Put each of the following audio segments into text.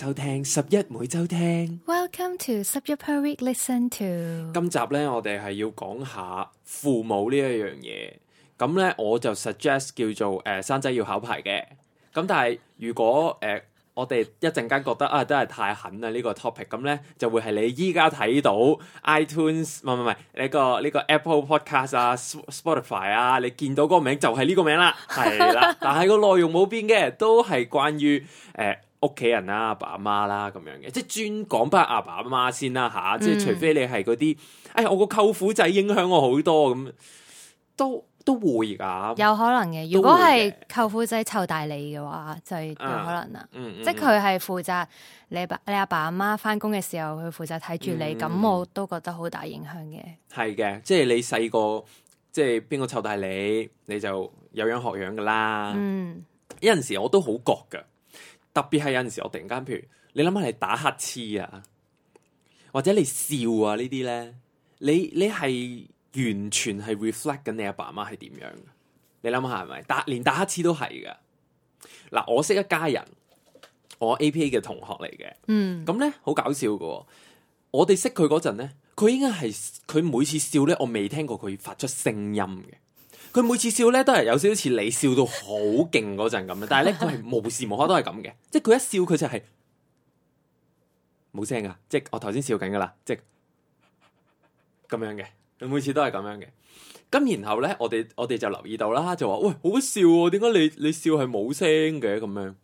收聽拾壹每週聽，Welcome to 拾壹 per week listen to。今集咧，我哋係要講下父母呢一樣嘢。咁、嗯、咧，我就 suggest 叫做誒，生、呃、仔要考牌嘅。咁、嗯、但係如果誒、呃，我哋一陣間覺得啊，真、呃、係太狠啦呢、這個 topic，咁、嗯、咧、嗯、就會係你依家睇到 iTunes，唔係唔係唔係，呢、這個呢、這個 Apple Podcast 啊，Spotify 啊，你見到嗰個名就係、是、呢個名啦，係 啦。但係個內容冇變嘅，都係關於誒。呃屋企人、啊啊、啦，阿爸阿媽啦，咁樣嘅，即係專講返阿爸阿媽先啦吓，即係除非你係嗰啲，哎，我個舅父仔影響我好多咁，都都會噶，有可能嘅。如果係舅父仔湊大你嘅話，就有可能啦。嗯嗯、即係佢係負責你，你，你爸你阿爸阿媽返工嘅時候，佢負責睇住你，咁、嗯、我都覺得好大影響嘅。係嘅，即係你細個，即係邊個湊大你，你就有樣學樣噶啦。嗯，有陣時我都好覺噶。特別係有陣時，我突然間，譬如你諗下你打乞嗤啊，或者你笑啊呢啲咧，你你係完全係 reflect 緊你阿爸阿媽係點樣？你諗下係咪？打連打乞嗤都係噶。嗱，我識一家人，我 APA 嘅同學嚟嘅。嗯，咁咧好搞笑噶喎。我哋識佢嗰陣咧，佢應該係佢每次笑咧，我未聽過佢發出聲音嘅。佢每次笑咧都係有少少似你笑到好勁嗰陣咁啊，但係咧佢係無時無刻都係咁嘅，即係佢一笑佢就係冇聲噶即係我頭先笑緊噶啦，即係咁樣嘅，佢每次都係咁樣嘅。咁然後咧，我哋我哋就留意到啦，就話喂，好笑喎，哦，點解你你笑係冇聲嘅咁樣？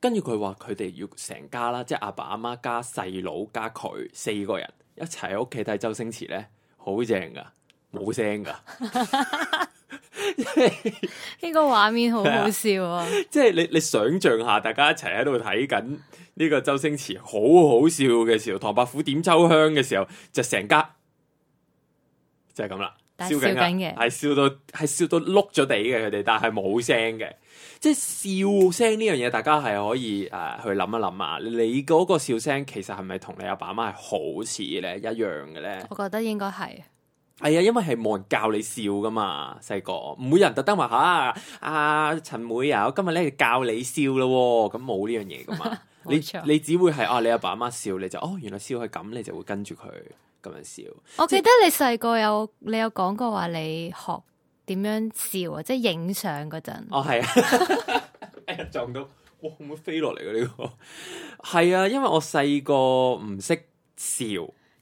跟住佢話佢哋要成家啦，即係阿爸阿媽加細佬加佢四個人一齊喺屋企睇周星馳咧，好正噶。冇聲噶，呢個畫面好好笑啊！即係你你想象下，大家一齊喺度睇緊呢個周星馳好好笑嘅時候，唐伯虎點秋香嘅時候，就成家就係咁啦，但係笑緊嘅係笑到係笑到碌咗地嘅佢哋，但係冇聲嘅，即係笑聲呢樣嘢，大家係可以誒、呃、去諗一諗啊！你嗰個笑聲其實係咪同你阿爸阿媽係好似咧一樣嘅咧？我覺得應該係。係啊、哎，因為係冇人教你笑噶嘛，細個唔會有人特登話吓阿陳妹啊，我、啊、今日咧教你笑咯、哦，咁冇呢樣嘢噶嘛。 錯你你只會係哦、啊，你阿爸阿媽笑，你就哦，原來笑係咁，你就會跟住佢咁樣笑。我記得你細個有你有講過話，你學點樣笑啊，即係影相嗰陣。哦，係啊， 撞到哇，會唔會飛落嚟嘅呢個？係 啊，因為我細個唔識笑。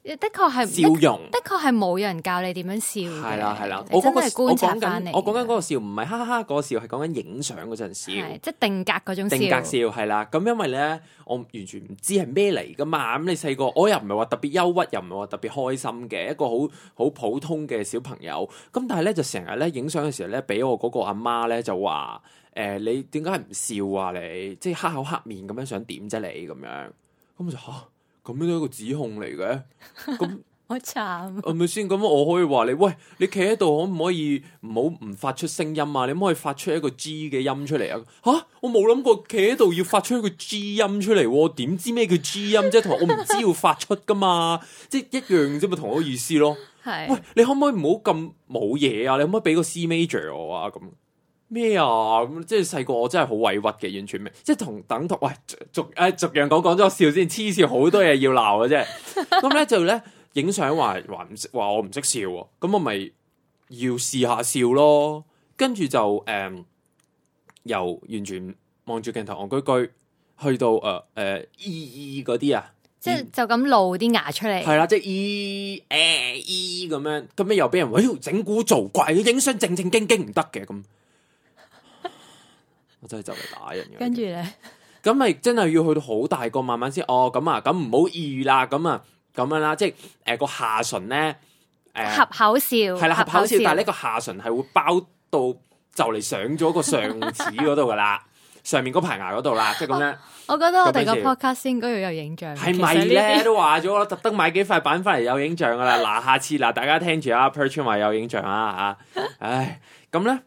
的確係笑容，的確係冇人教你點樣笑嘅。係啦係啦，我真係觀察翻嚟。我講緊嗰個笑，唔係哈哈哈嗰個笑，係講緊影相嗰陣時笑。係即係定格嗰種笑。定格笑係啦。咁因為咧，我完全唔知係咩嚟噶嘛。咁你細個，我又唔係話特別憂鬱，又唔係話特別開心嘅一個好好普通嘅小朋友。咁但係咧，就成日咧影相嘅時候咧，俾我嗰個阿媽咧就話：誒、呃，你點解唔笑啊？你即係黑口黑面咁樣，想點啫？你咁樣。咁我就吓。啊咁樣都係一個指控嚟嘅，咁好慘係咪先？咁 憐、嗯、我可以話你，喂，你企喺度可唔可以唔好唔發出聲音啊？你可唔可以發出一個 G 嘅音出嚟啊？吓，我冇諗過企喺度要發出一個 G 音出嚟、啊，點知咩叫 G 音啫、啊？同我唔知要發出噶嘛， 即係一樣啫嘛，同一個意思咯。係， 喂，你可唔可以唔好咁冇嘢啊？你可唔可以俾個 C major 我啊？咁。咩啊？咁即係細個我真係好委屈嘅，完全未。即係同等同喂逐誒逐樣講講咗笑先，黐線，好多嘢要鬧嘅啫。咁咧就咧影相話話唔識話我唔識笑，咁我咪要試下笑咯。跟住就誒又完全望住鏡頭戇居居，去到誒誒咿咿嗰啲啊，即係就咁露啲牙出嚟。係啦，即係咿誒咿咁樣。咁樣又俾人話，整蠱做怪，影相正正經經唔得嘅咁。我真係就嚟打人嘅。跟住咧，咁咪真係要去到好大個，慢慢先哦。咁啊，咁唔好意啦，咁啊，咁樣啦，即係誒個下唇咧，誒合口笑係啦，合口笑。啊、口笑但係呢個下唇係會包到就嚟上咗個上齒嗰度噶啦， 上面嗰排牙嗰度啦，即係咁樣呢。我覺得我哋個 podcast 先應該要有影像，係咪咧？ 都話咗我特登買幾塊板翻嚟有影像噶啦。嗱， 下次嗱，大家聽住啊，Patreon 話有影像啊，吓，唉，咁咧。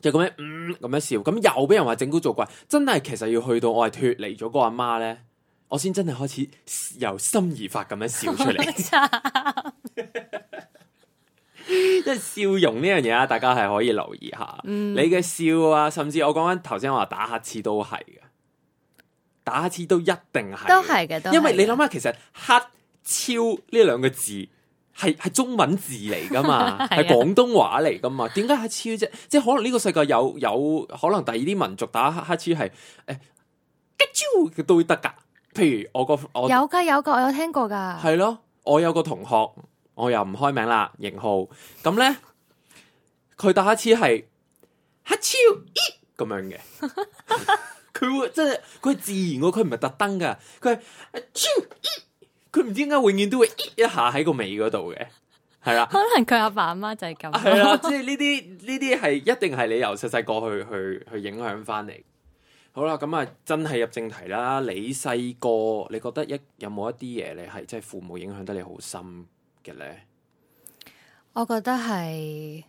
就咁樣，嗯，咁樣笑，咁又俾人話整蠱做怪，真係其實要去到我係脫離咗個阿媽呢。我先真係開始由心而發咁樣笑出嚟。即係， 笑容呢樣嘢啊，大家係可以留意下。嗯、你嘅笑啊，甚至我講緊頭先話打乞嗤都係嘅，打乞嗤都一定係，都係嘅，因為你諗下，其實乞嗤呢兩個字。係係中文字嚟噶嘛，係廣東話嚟噶嘛，點解黑超啫？即係可能呢個世界有有可能第二啲民族打黑黑超係誒，吉、欸啊、超佢都會得噶。譬如我個我有噶有噶，我有聽過噶。係咯，我有個同學，我又唔開名啦，型號咁咧，佢打黑、啊、超係黑超咦？咁樣嘅，佢會即係佢自然個，佢唔係特登噶，佢、啊、超一。咦佢唔知點解永遠都會一下喺個尾嗰度嘅，係啦。 可能佢阿爸阿媽就係咁的。係啊， 即係呢啲呢啲係一定係你由細細個去去去影響翻嚟。好啦，咁啊，真係入正題啦。你細個你覺得一有冇一啲嘢，你係即係父母影響得你好深嘅咧？我覺得係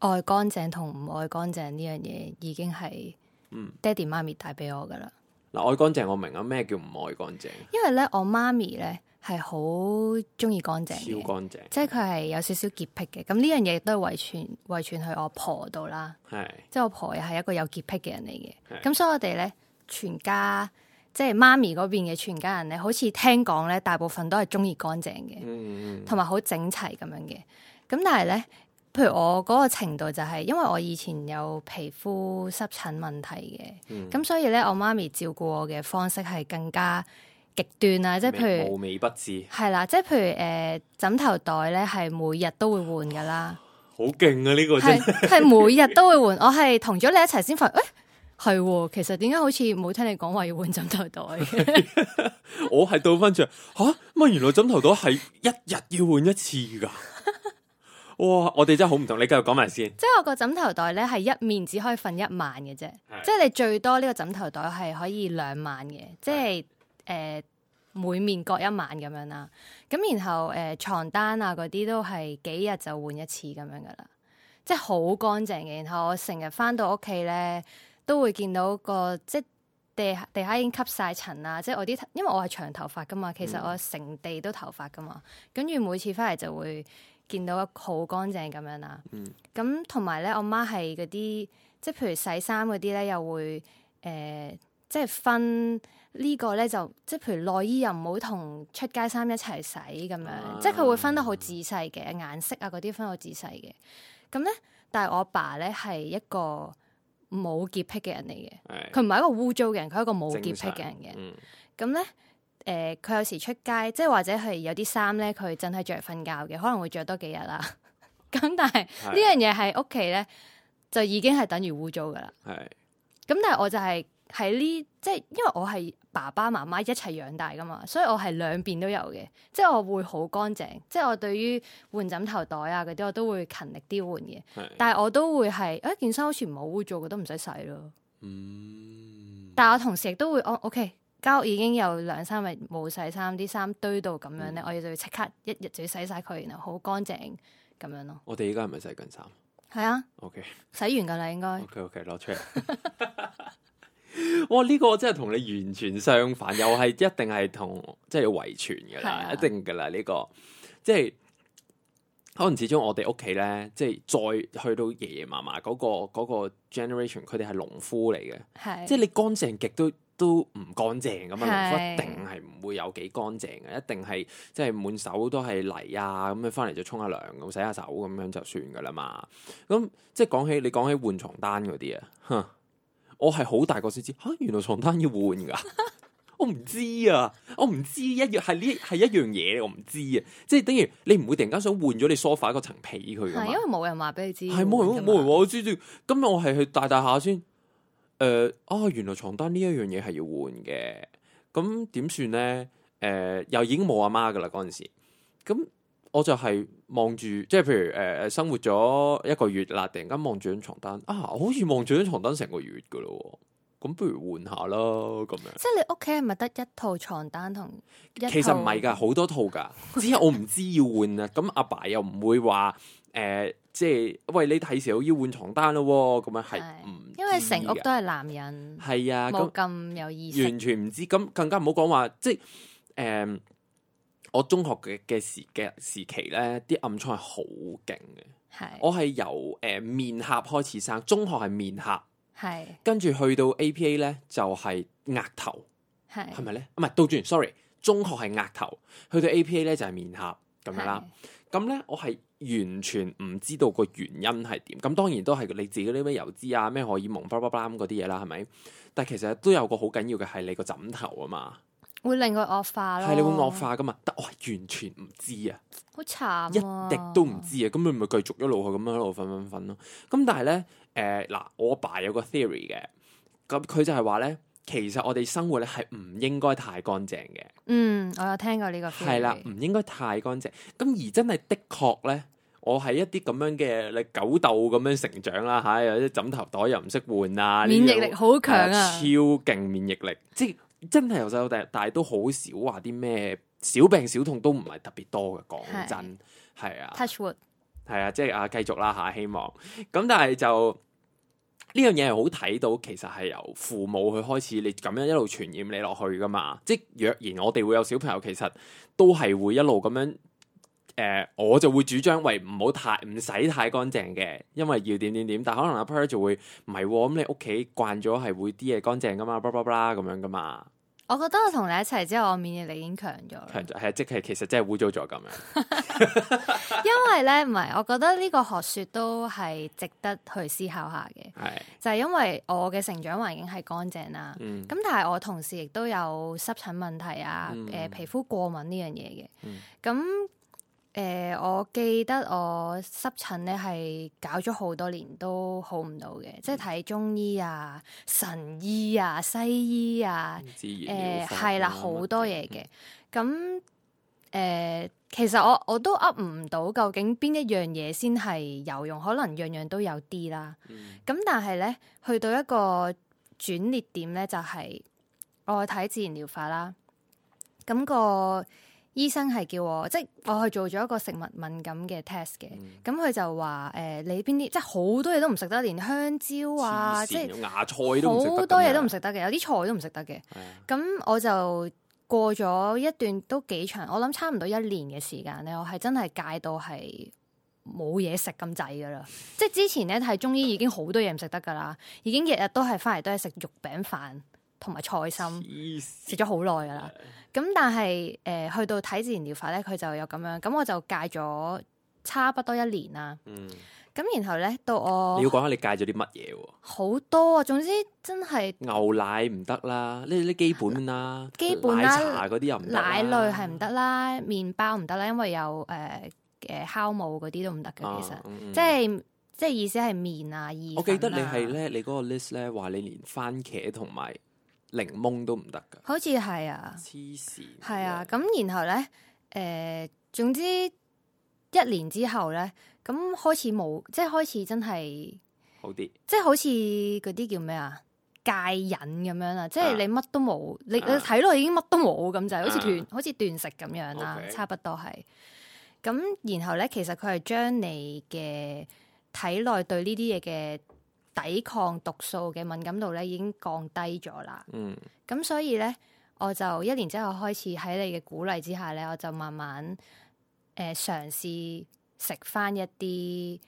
愛乾淨同唔愛乾淨呢樣嘢已經係，爹哋媽咪帶俾我噶啦。愛乾淨我明啊，咩叫唔愛乾淨？因為咧，我媽咪咧係好中意乾淨，乾淨超乾淨，即係佢係有少少潔癖嘅。咁呢樣嘢亦都係遺傳遺傳去我婆度啦。係是，即係我婆又係一個有潔癖嘅人嚟嘅。咁是所以我哋咧，全家即係媽咪嗰邊嘅全家人咧，好似聽講咧，大部分都係中意乾淨嘅，嗯，同埋好整齊咁樣嘅。咁但係咧。譬如我嗰個程度就係、是，因為我以前有皮膚濕疹問題嘅，咁、嗯、所以咧，我媽咪照顧我嘅方式係更加極端啦。即係、嗯、譬如，無微不至係啦。即係譬如誒、呃，枕頭袋咧係每日都會換噶啦。好勁啊！呢、這個真係每日都會換。 我係同咗你一齊先發覺，喂、欸，係其實點解好似冇聽你講話要換枕頭袋？ 我係倒翻着，吓，咁原來枕頭袋係一日要換一次噶。哇！我哋真係好唔同，你繼續講埋先。即係我個枕頭袋咧，係一面只可以瞓一晚嘅啫。是的 即係你最多呢個枕頭袋係可以兩晚嘅，即係誒是的、呃、每面各一晚咁樣啦。咁然後誒、呃、床單啊嗰啲都係幾日就換一次咁樣噶啦，即係好乾淨嘅。然後我成日翻到屋企咧，都會見到個即係地下地下已經吸晒塵啦。即係我啲因為我係長頭髮噶嘛，其實我成地都頭髮噶嘛。跟住、嗯、每次翻嚟就會。見到好乾淨咁樣啦，咁同埋咧，我媽係嗰啲，即係譬如洗衫嗰啲咧，又會誒、呃，即係分個呢個咧就，即係譬如內衣又唔好同出街衫一齊洗咁樣，啊、即係佢會分得好仔細嘅、啊、顏色啊嗰啲分好仔細嘅。咁咧，但係我爸咧係一個冇潔癖嘅人嚟嘅，佢唔係一個污糟嘅人，佢係一個冇潔癖嘅人嘅。咁咧。嗯嗯誒，佢、呃、有時出街，即係或者係有啲衫咧，佢真係着嚟瞓覺嘅，可能會着多幾日啦。咁 但係是 是的 呢樣嘢喺屋企咧，就已經係等於污糟噶啦。係。咁但係我就係喺呢，即係因為我係爸爸媽媽一齊養大噶嘛，所以我係兩邊都有嘅。即係我會好乾淨，即係我對於換枕頭袋啊嗰啲，我都會勤力啲換嘅。是的 但係我都會係，哎，件衫好似唔好污糟嘅，都唔使洗咯。嗯、但係我同時亦都會，我 OK。家已經有兩三日冇洗衫，啲衫堆到咁樣咧，嗯、我哋就要即刻一日就要洗晒佢，然後好乾淨咁樣咯。我哋依家係咪洗緊衫？係啊。O Okay . K，洗完噶啦，應該。O K O K，攞出嚟。 哇！呢、呢個真係同你完全相反，又係一定係同即係要遺傳嘅， 一定噶啦呢個。即係可能始終我哋屋企咧，即係再去到爺爺嫲嫲嗰個嗰、嗰個 generation，佢哋係農夫嚟嘅，係的 即係你乾淨極都。都唔乾淨咁樣！一定係唔會有幾乾淨嘅，一定係即係滿手都係泥啊！咁啊，翻嚟就沖下涼，咁洗下手咁樣就算噶啦嘛。咁即係講起你講起換床單嗰啲啊，我係好大個先知吓，原來床單要換噶， 我唔知啊，我唔知、啊、一樣係呢係一樣嘢，我唔知啊，即係等於你唔會突然間想換咗你梳化嗰層皮佢因為冇人話俾你知，係冇人冇人話我，我知住，今日我係去大大下先。誒、呃，哦，原來床單呢一樣嘢係要換嘅，咁點算咧？誒，又已經冇阿媽噶啦嗰陣時，咁我就係望住，即係譬如誒、呃，生活咗一個月啦，突然間望住張床單，啊，我好似望住張床單成個月噶咯喎。咁不如換下咯，咁樣。即係你屋企係咪得一套床單同？其實唔係噶，好多套噶。只係我唔知要換啊。咁阿 爸，爸又唔會話，誒、呃，即係，喂，你睇時候要換床單咯？咁樣係唔因為成屋都係男人，係啊，冇咁有意識，完全唔知。咁更加唔好講話，即係，誒、呃，我中學嘅嘅時嘅時期咧，啲暗瘡係好勁嘅。係是我係由誒、呃、面頰開始生，中學係面頰。係，是跟住去到 APA 咧就係、是、額頭，係係咪咧？唔係倒轉，sorry，中學係額頭，去到 APA 咧就係、是、面頰咁樣啦。咁咧是我係完全唔知道個原因係點。咁當然都係你自己啲咩油脂啊、咩荷爾蒙、巴拉巴拉咁嗰啲嘢啦，係咪？但係其實都有個好緊要嘅係你個枕頭啊嘛。會令佢惡化咯，係你會惡化噶嘛？得我完全唔知啊，好慘，一滴都唔知啊！咁佢咪繼續一路去咁樣一路瞓瞓瞓咯。咁但係咧，誒、呃、嗱，我阿爸有個 theory 嘅，咁佢就係話咧，其實我哋生活咧係唔應該太乾淨嘅。嗯，我有聽過呢個係啦，唔應該太乾淨。咁而真係的確咧，我喺一啲咁樣嘅你狗竇咁樣成長啦，吓、哎、有啲枕頭袋又唔識換啊，免疫力好強啊，超勁免疫力，即真係由細到大，但係都好少話啲咩小病小痛都，都唔係特別多嘅。講真係啊 Touchwood 係啊，即係啊，繼續啦吓，希望咁、啊，但係就呢樣嘢係好睇到，其實係由父母去開始，你咁樣一路傳染你落去噶嘛。即係若然我哋會有小朋友，其實都係會一路咁樣。誒、呃，我就會主張喂，唔好太唔使太乾淨嘅，因為要點點點。但可能阿 Pa 就會唔係，咁你屋企慣咗係會啲嘢乾淨噶嘛，巴拉巴拉咁樣噶嘛。我覺得我同你一齊之後，我免疫力已經強咗，強咗係即係其實真係污糟咗咁樣。 因為咧唔係，我覺得呢個學說都係值得去思考下嘅。係是就係因為我嘅成長環境係乾淨啦，咁、嗯、但係我同時亦都有濕疹問題啊，誒、呃、皮膚過敏呢樣嘢嘅，咁、嗯。嗯誒、呃，我記得我濕疹咧係搞咗好多年都好唔到嘅，嗯、即係睇中醫啊、神醫啊、西醫啊，誒，係啦、呃，好多嘢嘅。咁誒、 嗯，其實我我都噏唔到究竟邊一樣嘢先係有用，可能樣樣都有啲啦。咁、嗯、但係咧，去到一個轉捩點咧，就係我睇自然療法啦。咁、那個。醫生係叫我，即係我去做咗一個食物敏感嘅 test 嘅，咁佢、嗯、就話誒、呃、你邊啲，即係好多嘢都唔食得，連香蕉啊，即係芽菜都好多嘢都唔食得嘅，有啲菜都唔食得嘅。咁是的 我就過咗一段都幾長，我諗差唔多一年嘅時間咧，我係真係戒到係冇嘢食咁滯噶啦。即係之前咧係中醫已經好多嘢唔食得噶啦，已經日日都係翻嚟都係食肉餅飯。同埋菜心食咗好耐噶啦，咁但係誒、呃、去到睇自然療法咧，佢就有咁樣，咁我就戒咗差不多一年啦。嗯，咁然後咧到我你要講下你戒咗啲乜嘢喎？好多啊，總之真係牛奶唔得啦，呢啲基本啦，基本、啊基本啊、啦，茶嗰啲又唔得，奶類係唔得啦，麵、嗯、包唔得啦，因為有誒誒酵母嗰啲都唔得嘅，其實、啊嗯嗯、即係即係意思係麵啊意粉啊。我記得你係咧，你嗰個 list 咧話你連番茄同埋。檸檬都唔得㗎，好似係啊，黐線，係啊，咁然後咧，誒、呃，總之一年之後咧，咁開始冇，即係開始真係好啲些，即係好似嗰啲叫咩啊戒癮咁樣啦，即係你乜都冇，啊、你你睇落已經乜都冇咁、啊、就係，啊、好似斷好似斷食咁樣啦、啊，Okay. 差不多係。咁然後咧，其實佢係將你嘅體內對呢啲嘢嘅。抵抗毒素嘅敏感度咧，已經降低咗啦。嗯，咁所以咧，我就一年之後開始喺你嘅鼓勵之下咧，我就慢慢誒嘗試食翻一啲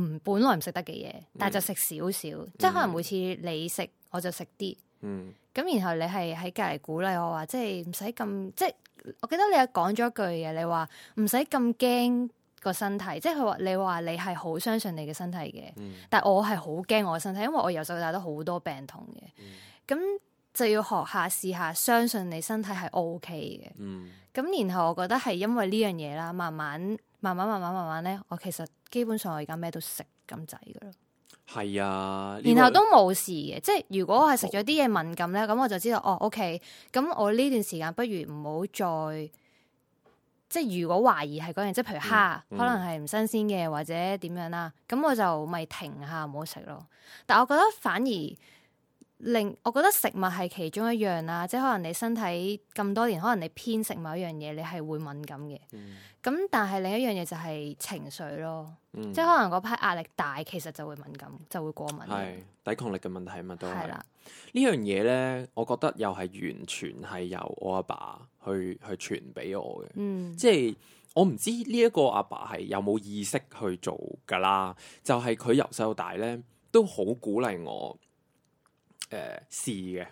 唔本來唔食得嘅嘢，嗯、但係就食少少，嗯、即係可能每次你食，我就食啲。嗯，咁然後你係喺隔籬鼓勵我話，即係唔使咁，即係我記得你有講咗句嘢，你話唔使咁驚。個身體，即係佢話你話你係好相信你嘅身體嘅，嗯、但係我係好驚我嘅身體，因為我由細到大都好多病痛嘅，咁、嗯、就要學下試下相信你身體係 O K 嘅，咁、嗯、然後我覺得係因為呢樣嘢啦，慢慢慢慢慢慢慢慢咧，我其實基本上我而家咩都食咁滯噶啦，係啊，然後都冇事嘅，這個即係如果我係食咗啲嘢敏感咧，咁、哦、我就知道哦 O K，咁我呢段時間不如唔好再。即係如果懷疑係嗰樣，即係譬如蝦、嗯嗯、可能係唔新鮮嘅或者點樣啦，咁我就咪停下唔好食咯。但我覺得反而。另我覺得食物係其中一樣啦，即係可能你身體咁多年，可能你偏食某一樣嘢，你係會敏感嘅。咁、嗯、但係另一樣嘢就係情緒咯，嗯、即係可能嗰排壓力大，其實就會敏感，就會過敏。係抵抗力嘅問題嘛，都係啦。的呢樣嘢咧，我覺得又係完全係由我阿爸，爸去去傳俾我嘅。嗯、即係我唔知呢一個阿爸係有冇意識去做噶啦，就係佢由細到大咧都好鼓勵我。誒、呃，試嘅，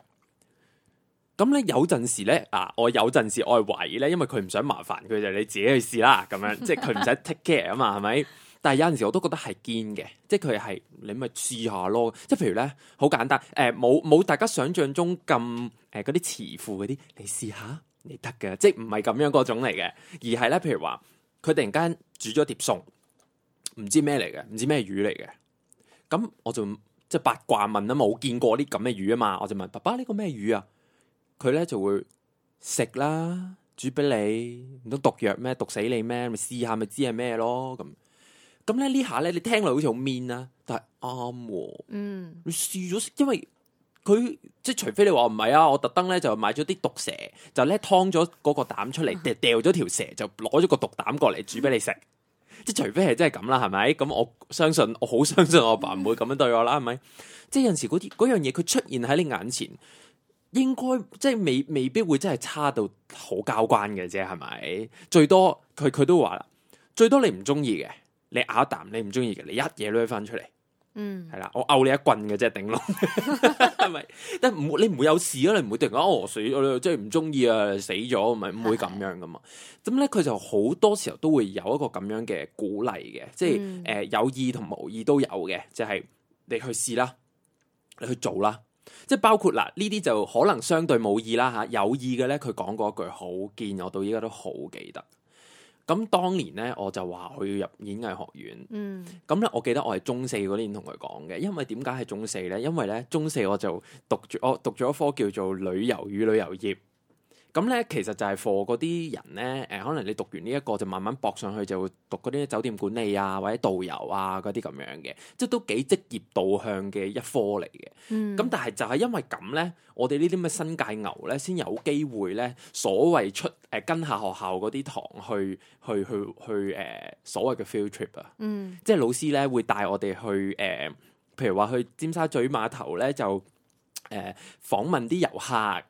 咁咧有陣時咧，啊，我有陣時我係懷疑咧，因為佢唔想麻煩，佢就你自己去試啦，咁樣，即係佢唔使 take care 啊嘛，係咪？但係有陣時我都覺得係堅嘅，即係佢係你咪試下咯，即係譬如咧，好簡單，誒、呃，冇冇大家想象中咁，誒、呃，嗰啲慈父嗰啲，你試下，你得嘅，即係唔係咁樣嗰種嚟嘅，而係咧，譬如話佢突然間煮咗碟餸，唔知咩嚟嘅，唔知咩魚嚟嘅，咁我就。即係八卦問啊嘛，我見過啲咁嘅魚啊嘛，我就問爸爸呢個咩魚啊？佢咧就會食啦，煮俾你，唔通毒藥咩？毒死你咩？咪試下咪知係咩咯？咁咁咧呢下咧，你聽落好似好面啊，但係啱。嗯，你試咗，因為佢即係除非你話唔係啊，我特登咧就買咗啲毒蛇，就咧劏咗嗰個膽出嚟，掉掉咗條蛇，就攞咗個毒膽過嚟煮俾你食。即除非係真係咁啦，係咪？咁我相信，我好相信我阿爸唔會咁樣對我啦，係咪？即係有陣時嗰啲樣嘢，佢出現喺你眼前，應該即係未未必會真係差到好交關嘅啫，係咪？最多佢佢都話啦，最多你唔中意嘅，你咬一啖你唔中意嘅，你一嘢攞翻出嚟。嗯，係啦，我毆你一棍嘅啫，頂咯！係咪？但唔會，你唔會有事啊，你唔會突然間哦，死，我即係唔中意啊，死咗，唔係唔會咁樣噶嘛。咁咧、嗯，佢就好多時候都會有一個咁樣嘅鼓勵嘅，即係誒、嗯呃、有意同無意都有嘅，就係你去試啦，你去做啦。即係包括嗱，呢啲就可能相對冇意啦吓、啊，有意嘅咧，佢講過一句好勁，我到依家都好記得。咁當年咧，我就話我要入演藝學院。咁咧、嗯，我記得我係中四嗰年同佢講嘅，因為點解係中四咧？因為咧，中四我就讀咗我讀咗一科叫做旅遊與旅遊業。咁咧，其實就係課嗰啲人咧，誒、呃，可能你讀完呢、這、一個就慢慢搏上去，就會讀嗰啲酒店管理啊，或者導遊啊嗰啲咁樣嘅，即係都幾職業導向嘅一科嚟嘅。咁、嗯、但係就係因為咁咧，我哋呢啲咩新界牛咧，先有機會咧，所謂出誒、呃、跟下學校嗰啲堂去去去去誒、呃、所謂嘅 field trip 啊，嗯、即係老師咧會帶我哋去誒、呃，譬如話去尖沙咀碼頭咧就誒、呃、訪問啲遊客。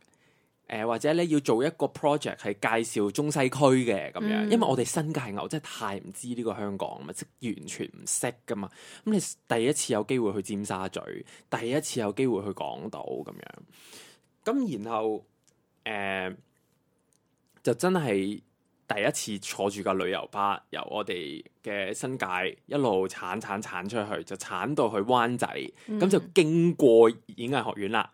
誒、呃，或者咧要做一個 project 係介紹中西區嘅咁樣，因為我哋新界牛真係太唔知呢個香港，咪即完全唔識㗎嘛。咁你第一次有機會去尖沙咀，第一次有機會去港島咁樣，咁然後誒、呃，就真係第一次坐住個旅遊巴，由我哋嘅新界一路鏟鏟鏟鏟出去，就鏟到去灣仔，咁、嗯、就經過演藝學院啦。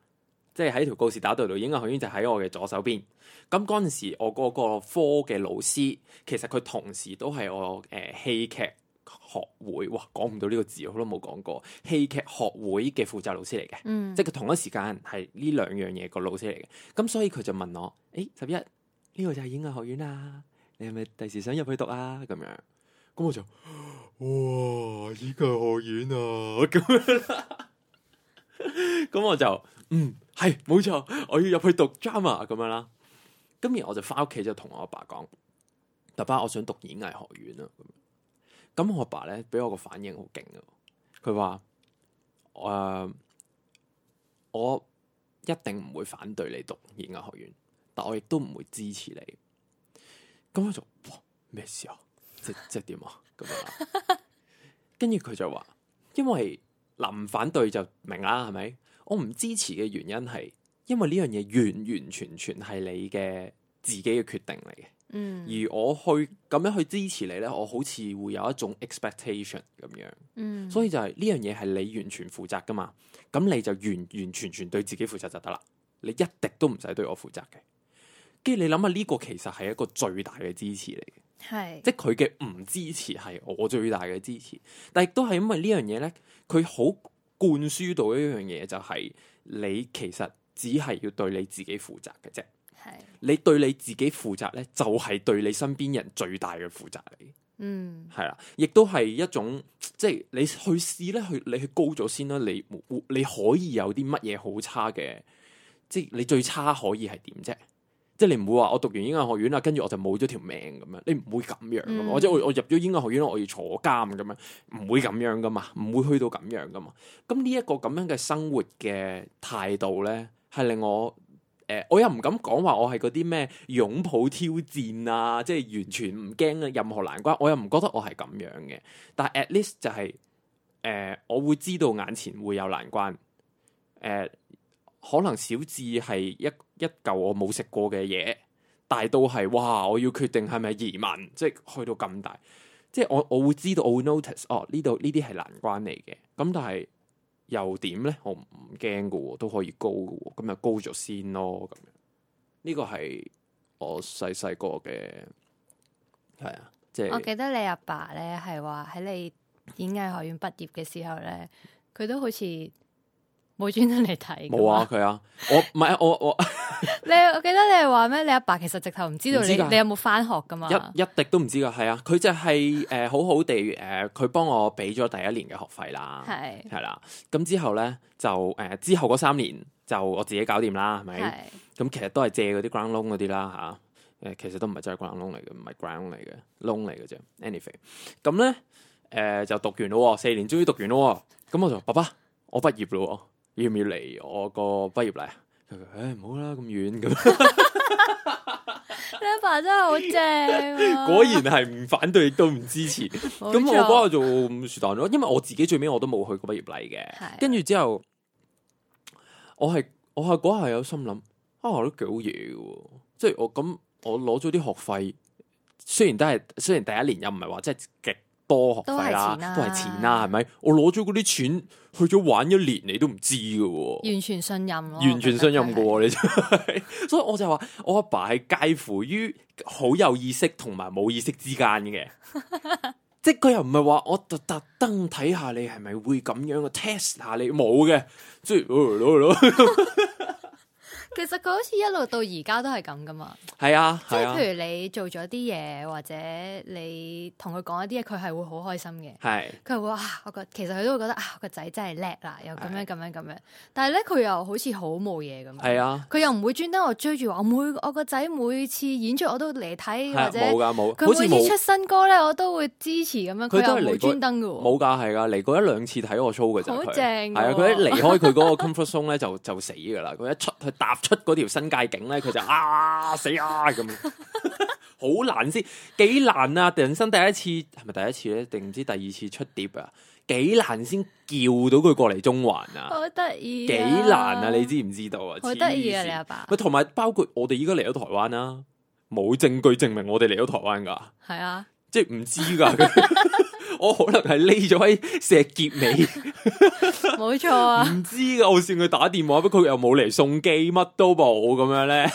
即係喺條告士打道對落，演藝學院就喺我嘅左手邊。咁嗰陣時我嗰個科嘅老師，其實佢同時都係我誒、戲劇學會，哇，講唔到呢個字，我都冇講過戲劇學會嘅負責老師嚟嘅。嗯、即係佢同一時間係呢兩樣嘢個老師嚟嘅。咁所以佢就問我：誒、欸，拾壹呢個就係演藝學院啦，啊，你係咪第時想入去讀啊？咁樣。咁我就，哇，演藝學院啊！咁樣，咁我就嗯。係冇錯，我要入去讀 drama 咁樣啦。今日我就翻屋企就同我阿爸講，爸爸，我想讀演藝學院啦。咁我阿爸咧俾我個反應好勁嘅，佢話：誒，我一定唔會反對你讀演藝學院，但我亦都唔會支持你。咁我就：哇，咩事啊？即即係點啊？咁樣。跟住佢就話：因為嗱，唔反對就明啦，係咪？我唔支持嘅原因係，因為呢樣嘢，完完全全係你嘅自己嘅決定嚟嘅。嗯，而我去咁樣去支持你咧，我好似會有一種 expectation 咁樣。嗯，所以就係呢樣嘢，係你完全負責噶嘛，咁你就完完全全對自己負責就得啦。你一滴都唔使對我負責嘅。跟住你諗下呢個其實係一個最大嘅支持嚟嘅，係，即係佢嘅唔支持係我最大嘅支持。但係都係因為呢樣嘢咧，佢好。灌輸到一樣嘢就係你其實只係要對你自己負責嘅啫，係是你對你自己負責咧，就係對你身邊人最大嘅負責嚟，嗯，係啦，亦都係一種即係你去試咧，去你去高咗先啦，你你可以有啲乜嘢好差嘅，即係你最差可以係點啫？即係你唔會話我讀完英文學院啦，跟住我就冇咗條命咁樣，你唔會咁樣噶嘛？嗯、或者我我入咗英文學院，我要坐監咁樣，唔會咁樣噶嘛？唔會去到咁樣噶嘛？咁呢一個咁樣嘅生活嘅態度咧，係令我誒、呃，我又唔敢講話，我係嗰啲咩擁抱挑戰啊，即係完全唔驚任何難關，我又唔覺得我係咁樣嘅。但係 at least 就係、是、誒、呃，我會知道眼前會有難關，誒、呃，可能小智係一。一嚿我冇食過嘅嘢，大到係哇！我要決定係咪移民，即係去到咁大，即係我我會知道我會 notice 哦呢度呢啲係難關嚟嘅，咁但係又點咧？我唔驚嘅，都可以高嘅，咁咪高咗先咯。咁樣呢個係我細細個嘅，係啊，即係。我記得你阿爸咧係話喺你演藝學院畢業嘅時候咧，佢都好似。冇專登嚟睇。冇啊佢啊，我唔係啊我我。你我記得你係話咩？你阿爸，爸其實直頭唔知道你知道你有冇翻學噶嘛？一一滴都唔知噶，係啊，佢就係、是、誒、呃、好好地誒，佢、呃、幫我俾咗第一年嘅學費啦，係係啦。咁之後咧就誒、呃、之後嗰三年就我自己搞掂啦，係咪？咁是其實都係借嗰啲 ground loan 嗰啲啦吓？誒、啊、其實都唔係真係 ground loan 嚟嘅，唔係 ground 嚟嘅 loan 嚟嘅啫。Anyway，咁咧誒就讀完咯，四年終於讀完咯。咁我就話爸爸，我畢業咯。要唔要嚟我個畢業禮？欸、 啊？誒，唔好啦，咁遠咁。你阿爸真係好正，果然係唔反對亦都唔支持。咁 錯我嗰下做樹袋咗，因為我自己最尾我都冇去過畢業禮嘅。跟住 之後，我係我係嗰下有心諗，啊，我都幾好嘢嘅，即係我咁我攞咗啲學費，雖然都係雖然第一年又唔係話即係極。多學費啦，都係錢啦，啊，係咪、啊？我攞咗嗰啲錢去咗玩一年，你都唔知噶，完全信任，完全信任過， 你真係。 所以我就話，我阿爸係介乎於好有意識同埋冇意識之間嘅， 即係佢又唔係話我特登睇下你係咪會咁樣嘅 test 下你冇嘅，即係。其實佢好似一路到而家都係咁噶嘛，係啊，即係譬如你做咗啲嘢，或者你同佢講一啲嘢，佢係會好開心嘅。係，佢話哇，我覺其實佢都會覺得啊，個仔真係叻啦，又咁樣咁樣咁樣。但係咧，佢又好似好冇嘢咁。係啊，佢又唔會專登我追住話，每我個仔每次演出我都嚟睇或者每次出新歌咧，我都會支持咁樣。佢都唔會專登噶，冇噶係啊，嚟過一兩次睇我 show 嘅就好正，係啊，佢一離開佢嗰個 comfort zone 咧就就死噶啦，佢一出去搭。出嗰條新界警咧，佢就啊死啊咁，好 難先，幾難啊！人生第一次係咪第一次咧？定唔知第二次出碟啊？幾難先叫到佢過嚟中環啊？好得意，啊，幾難啊！你知唔知道啊？好得意啊！先你阿爸，咪同埋包括我哋依家嚟咗台灣啊，冇證據證明我哋嚟咗台灣噶，係啊，即係唔知噶。 我可能係匿咗喺石硤尾，冇錯啊！唔 知噶，我算佢打電話，不過佢又冇嚟送機，乜都冇咁樣咧。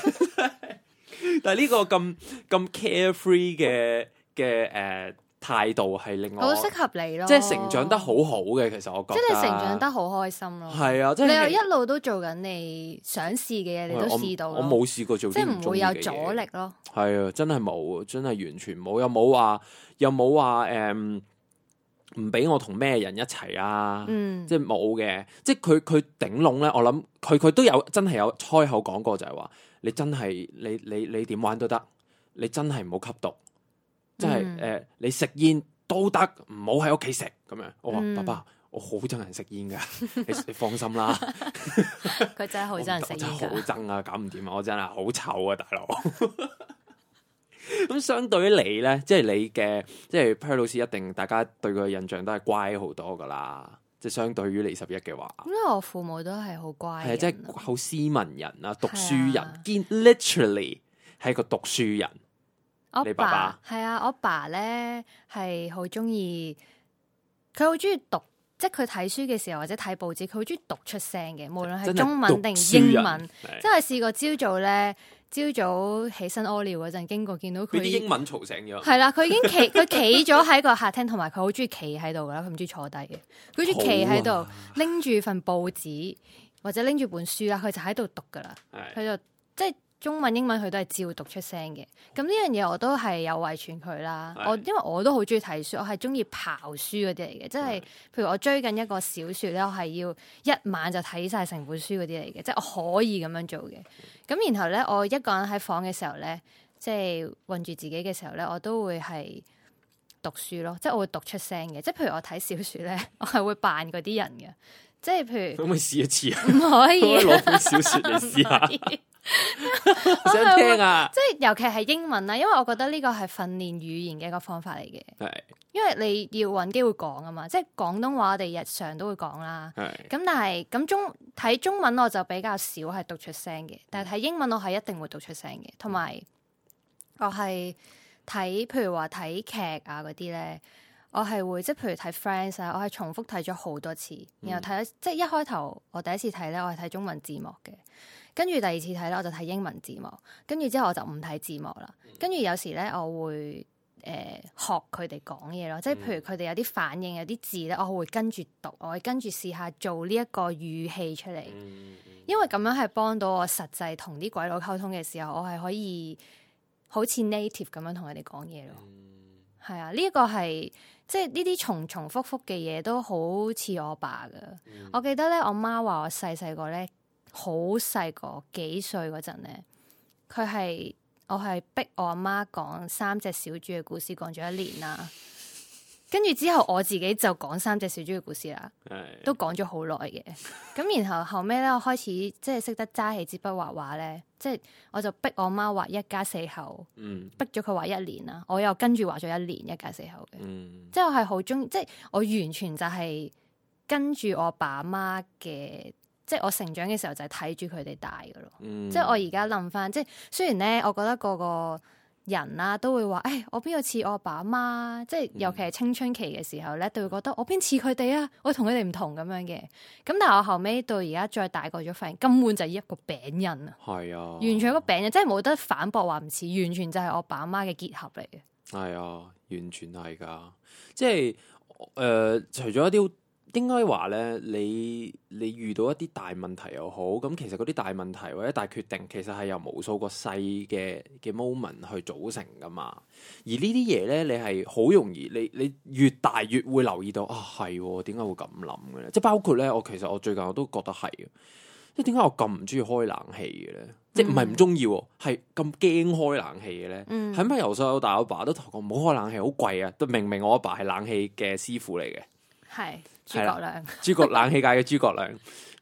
但係呢個咁咁 carefree 嘅嘅誒態、呃、度，係令我好適合你咯。即係成長得好好嘅，其實我覺得，即係成長得好開心咯。係啊，即係你又一路都做緊你想試嘅嘢，你都試到我。我冇試過做，即係唔會有阻力咯。係啊，真係冇，真係完全冇，又冇話，又冇話誒。嗯唔俾我同咩人一齊啊！嗯、即係冇嘅，即係佢佢頂籠咧。我諗佢佢都有真係有開口講過，就係話你真係你你你點玩都得，你真係唔好吸毒，即係誒你食煙都得，唔好喺屋企食咁樣。我話、嗯、爸爸，我好憎人食煙噶，你你放心啦。佢 真係好憎人食煙，真係好憎啊！搞唔掂啊！我真係好醜啊，大佬。咁相對於你咧，即係你嘅，即係 Pear 老師一定，大家對佢嘅印象都係乖好多噶啦。即係相對於你十一嘅話，因為我父母都係好乖，係即係好斯文人啊，讀書人，堅 literally 係一個讀書人。你爸爸係啊，我爸咧係好中意，佢好中意讀，即係佢睇書嘅時候或者睇報紙，佢好中意讀出聲嘅，無論係中文定英文。即係試過朝早咧。朝早起身屙尿嗰陣經過，見到佢。佢啲英文嘈醒咗。係啦，佢已經企，佢企咗喺個客廳，同埋佢好中意企喺度噶啦，佢唔中意坐低嘅。佢中意企喺度，拎住份報紙或者拎住本書啦，佢就喺度讀噶啦。佢的就即係。中文、英文佢都係照讀出聲嘅。咁呢樣嘢我都係有遺傳佢啦。的我因為我都好中意睇書，我係中意刨書嗰啲嚟嘅，即係譬如我追緊一個小說咧，我係要一晚就睇晒成本書嗰啲嚟嘅，即係我可以咁樣做嘅。咁然後咧，我一個人喺房嘅時候咧，即係困住自己嘅時候咧，我都會係讀書咯，即係我會讀出聲嘅。即係譬如我睇小說咧，我係會扮嗰啲人嘅。即係譬如可唔可以試一次啊？唔 可以，攞本小說嚟試下。 會我想聽啊！即係尤其係英文啦，因為我覺得呢個係訓練語言嘅一個方法嚟嘅。係是，因為你要搵機會講啊嘛。即係廣東話，我哋日常都會講啦。係是。咁但係咁中睇中文我就比較少係讀出聲嘅，但係睇英文我係一定會讀出聲嘅。同埋、嗯、我係睇，譬如話睇劇啊嗰啲咧，我係會即係譬如睇 Friends 啊，我係重複睇咗好多次。然后睇、嗯、即係一開頭我第一次睇咧，我係睇中文字幕嘅。跟住第二次睇咧，我就睇英文字幕，跟住之後我就唔睇字幕啦。跟住有時咧，我會誒、呃、學佢哋講嘢咯，即係譬如佢哋有啲反應、有啲字咧，我會跟住讀，我會跟住試下做呢一個語氣出嚟。因為咁樣係幫到我實際同啲鬼佬溝通嘅時候，我係可以好似 native 咁樣同佢哋講嘢咯。係、嗯、啊，呢、這、一個係即係呢啲重重複複嘅嘢都好似我爸㗎。嗯、我記得咧，我媽話我細細個咧。好細個幾歲嗰陣咧，佢係我係逼我阿媽講三隻小豬嘅故事，講咗一年啦。跟住之後我自己就講三隻小豬嘅故事啦，是的 都講咗好耐嘅。咁 然後後尾咧，我開始即係識得揸起支筆畫畫咧，即係我就逼我媽畫一家四口，嗯、逼咗佢畫一年啦。我又跟住畫咗一年一家四口嘅、嗯，即係我係好中意，即係我完全就係跟住我爸阿媽嘅。即係我成長嘅時候就係睇住佢哋大噶咯、嗯，即係我而家諗翻，即係雖然咧，我覺得個個人啦、啊、都會話，誒、哎，我邊有似我阿爸阿媽，即係尤其係青春期嘅時候咧，嗯、都會覺得我邊似佢哋啊，我同佢哋唔同咁樣嘅。咁但係我後尾到而家再大個咗，發現根本就係一個餅印啊。係啊，完全一個餅印，即係冇得反駁話唔似，完全就係我阿爸阿媽嘅結合嚟嘅。係啊，完全係噶，即係誒，除咗一啲。應該話咧，你你遇到一啲大問題又好，咁其實嗰啲大問題或者大決定，其實係由無數個細嘅嘅 moment 去組成噶嘛。而呢啲嘢咧，你係好容易，你你越大越會留意到啊，係點解會咁諗嘅咧？即係包括咧，我其實我最近我都覺得係嘅。即係點解我咁唔中意開冷氣嘅咧？嗯、即唔係唔中意，係咁驚開冷氣嘅咧？嗯，係咪由細到大，我爸都同我講唔好開冷氣，好貴啊！都明明我阿爸係冷氣嘅師傅嚟嘅，係。係啊，諸葛冷氣界嘅諸葛亮，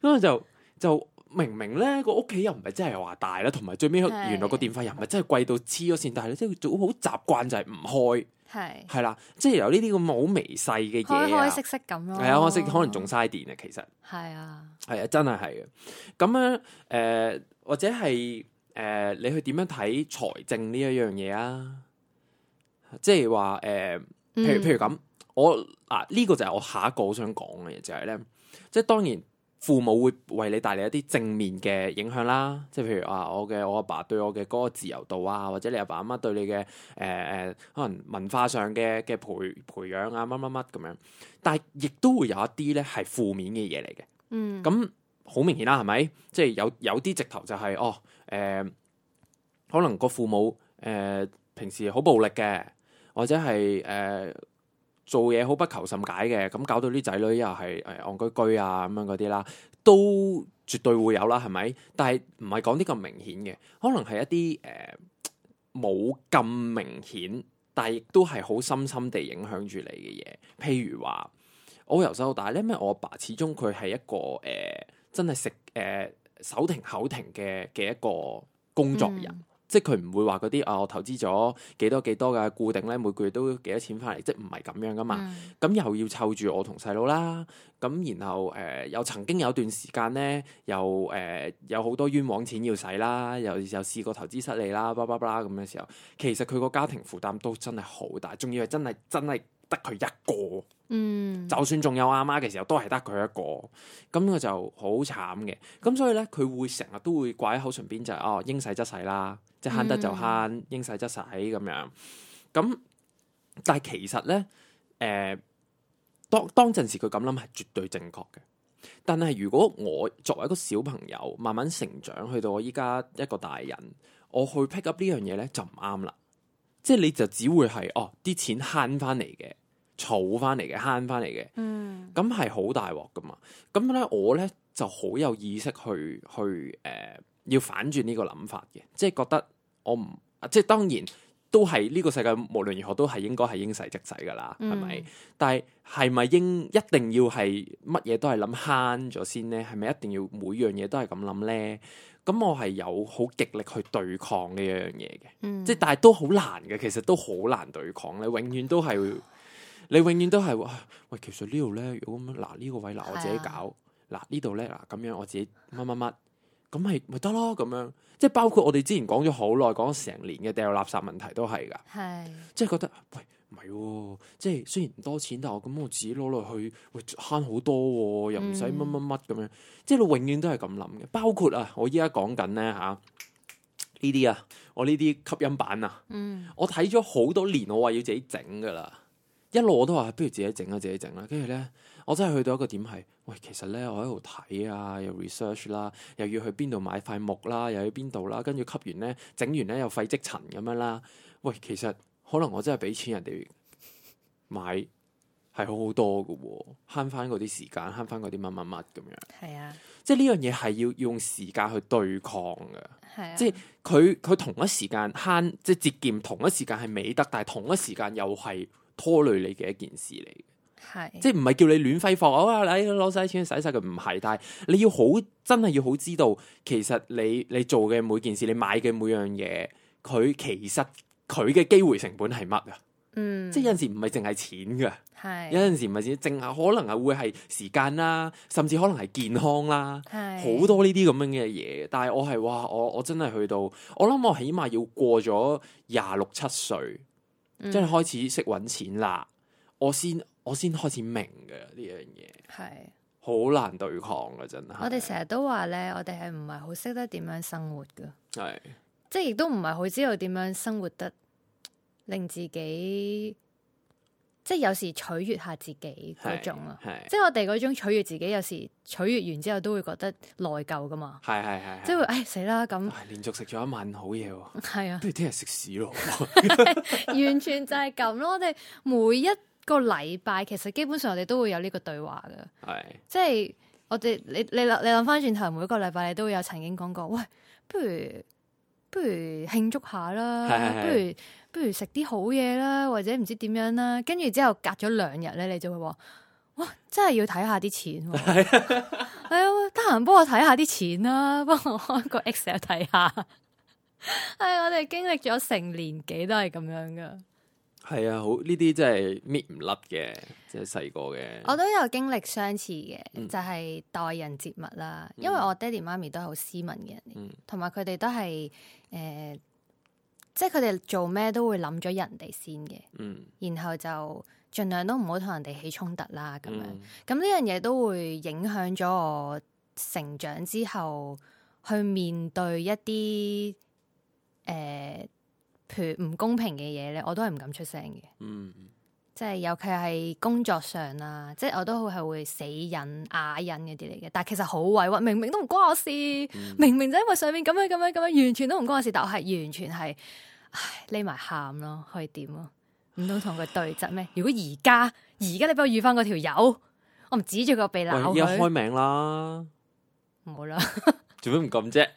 咁 葛亮 葛亮 就就明明咧個屋企又唔係真係話大啦，同埋最尾原來個電費又唔係真係貴到黐咗線，但係你即係做好習慣就係唔開，係係啦，即係由呢啲咁啊好微細嘅嘢啊，開開熄熄咁咯，係啊，我識、啊、可能仲嘥電啊，其實係、哦呃呃、啊，係、就、啊、是，真係係嘅，咁樣誒或者係誒你去點樣睇財政呢一樣嘢啊？即係話誒，譬如譬如咁。嗯我啊，呢個就係我下一個我想講嘅嘢，就係咧，即係當然父母會為你帶嚟一啲正面嘅影響啦，即係譬如啊，我嘅我阿爸對我嘅嗰個自由度啊，或者你阿爸阿媽對你嘅誒誒，可能文化上嘅嘅培培養啊，乜乜乜咁樣，但係亦都會有一啲咧係負面嘅嘢嚟嘅。嗯，咁好明顯啦，係咪？即係有有啲直頭就係哦，誒，可能個父母誒平時好暴力嘅，或者係誒。呃做嘢好不求甚解嘅，咁搞到啲仔女又係誒戇居居啊，咁樣嗰啲啦，都絕對會有啦，係咪？但係唔係講啲咁明顯嘅，可能係一啲誒冇咁明顯，但係亦都係好深深地影響住你嘅嘢。譬如話我由細到大咧，因為我阿爸，爸始終佢係一個誒、呃、真係食誒手停口停嘅嘅一個工作人。嗯即係佢唔會話嗰啲哦，啊、我投資咗幾多幾多嘅固定咧，每個月都幾多錢翻嚟，即係唔係咁樣噶嘛。咁、嗯、又要湊住我同細佬啦。咁然後誒、呃，又曾經有段時間咧，又誒、呃、有好多冤枉錢要使啦，又又試過投資失利啦，巴拉巴拉咁嘅時候，其實佢個家庭負擔都真係好大，仲要係真係真係得佢一個。嗯，就算仲有阿媽嘅時候，都係得佢一個。咁佢就好慘嘅。咁所以咧，佢會成日都會掛喺口唇邊就係、是、哦，應使則使啦。即慳得就慳，嗯、應使則使咁樣。咁、嗯、但係其實咧，誒、呃，當當陣時佢咁諗係絕對正確嘅。但係如果我作為一個小朋友，慢慢成長去到我依家一個大人，我去 pick up 呢樣嘢咧就唔啱啦。即係你就只會係哦，啲錢慳翻嚟嘅，儲翻嚟嘅，慳翻嚟嘅。嗯。咁係好大鑊噶嘛？咁咧我咧就好有意識去去誒、呃，要反轉呢個諗法嘅，即係覺得。我唔，即係當然都係呢個世界，無論如何都係應該係應使即使噶啦，係咪、嗯？但係係咪應一定要係乜嘢都係諗慳咗先呢？係咪一定要每樣嘢都係咁諗呢？咁我係有好極力去對抗呢樣嘢嘅，嗯、即係但係都好難嘅，其實都好難對抗，你永遠都係你永遠都係、啊、喂，其實呢度呢？如果咁嗱呢個位嗱，我自己搞嗱呢度呢？嗱咁樣我自己乜乜乜。咁係咪得咯？咁樣,樣，即係包括我哋之前講咗好耐，講咗成年嘅掉垃圾問題都係噶，即係覺得喂唔係，即係雖然唔多錢，但係咁我自己攞落去會慳好多、哦，又唔使乜乜乜咁樣，即係你永遠都係咁諗嘅。包括啊，我依家講緊咧吓呢啲啊，我呢啲吸音板啊，嗯，我睇咗好多年，我話要自己整噶啦，一路我都話不如自己整啦，自己整啦、啊，跟住咧。我真係去到一個點係，喂，其實咧我喺度睇啊，又 research 啦，又要去邊度買塊木啦，又要邊度啦，跟住吸完咧，整完咧又廢積塵咁樣啦。喂，其實可能我真係俾錢人哋買係好好多噶，哦，慳翻嗰啲時間，慳翻嗰啲乜乜乜咁樣。係啊，即係呢樣嘢係要要用時間去對抗噶。係啊，即係佢佢同一時間慳，即係節儉同一時間係美德，但係同一時間又係拖累你嘅一件事嚟。是即係唔係叫你亂揮霍啊？你攞晒啲錢使晒佢，唔係。但係你要好真係要好知道，其實你你做嘅每件事，你買嘅每樣嘢，佢其實佢嘅機會成本係乜啊？嗯、即係有陣時唔係淨係錢噶，是有陣時唔係淨係可能係會係時間啦，甚至可能係健康啦，好是多呢啲咁樣嘅嘢。但係我係話，我我真係去到我諗我起碼要過咗廿六七歲，即係、嗯、開始識揾錢啦，我先。我先開始明嘅呢樣嘢，係好是難對抗嘅真係。我哋成日都話咧，我哋係唔係好識得點樣生活噶？係是，即係亦都唔係好知道點樣生活得令自己，即係有時取悅下自己嗰種啊。係，即係我哋嗰種取悅自己，有時取悅完之後都會覺得內疚噶嘛。係係係，即係會誒死啦咁，連續食咗一晚好嘢，係啊，不如聽日食屎咯， 完全就係咁咯。我哋每一個禮拜其實基本上我哋都會有呢個對話噶，的即係我哋你你諗你諗翻轉頭，每個禮拜你都會有曾經講過，喂，不如不如慶祝下啦，不如是的是的不如食啲好嘢啦，或者唔知點樣啦，跟住之後隔咗兩日咧，你就會話，哇，真係要睇下啲錢，係啊，得閒幫我睇下啲錢啦，啊，幫我開個 Excel 睇下，係， 哎，我哋經歷咗成年幾都係咁樣噶。係啊，好呢啲真係搣唔甩嘅，即係細個嘅。我都有經歷相似嘅，嗯、就係待人接物啦。因為我爹哋媽咪都係好斯文嘅人，同埋佢哋都係誒，即係佢哋做咩都會諗咗人哋先嘅。嗯，然後就盡量都唔好同人哋起衝突啦。咁樣，咁呢、嗯、樣嘢都會影響咗我成長之後去面對一啲誒。呃唔公平嘅嘢咧，我都係唔敢出聲嘅。嗯，即係尤其係工作上啦，即係我都係會死忍、啞忍嗰啲嚟嘅。但係其實好委屈，明明都唔關我事，嗯、明明就因為上面咁樣、咁樣、咁樣，完全都唔關我事。但我係完全係匿埋喊咯，可以點啊？唔通同佢對質咩？唉如果而家，而家你俾我遇翻嗰條友，我唔指住個鼻鬧佢，開名啦，唔好啦。做咩唔咁啫？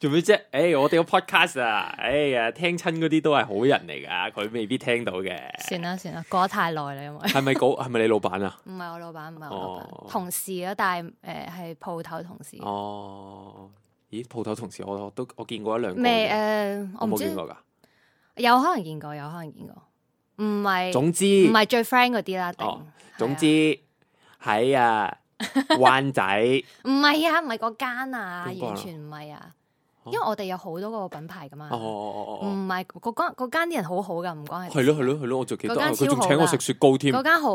做咩啫？誒 ，hey, 我哋個 podcast 啊，哎呀，聽親嗰啲都係好人嚟噶，佢未必聽到嘅。算啦算啦，過太耐啦，因為係咪 係咪？你老闆啊？唔係我老闆，唔係我老闆，同事啊，但係誒，係鋪頭同事。呃、同事哦，咦？鋪頭同事，我都我見過一兩個。未誒，呃、我冇沒見過噶。有可能見過，有可能見過，唔係。總之唔係最 friend 嗰啲啦。哦、呃，總之係啊。灣仔唔係啊，唔係嗰間啊，完全唔係啊。因為我哋有好多個品牌噶嘛，哦哦唔係嗰間，嗰間啲人好好噶，唔關係。係咯係咯係咯，我就記得佢仲請我食雪糕添。嗰間好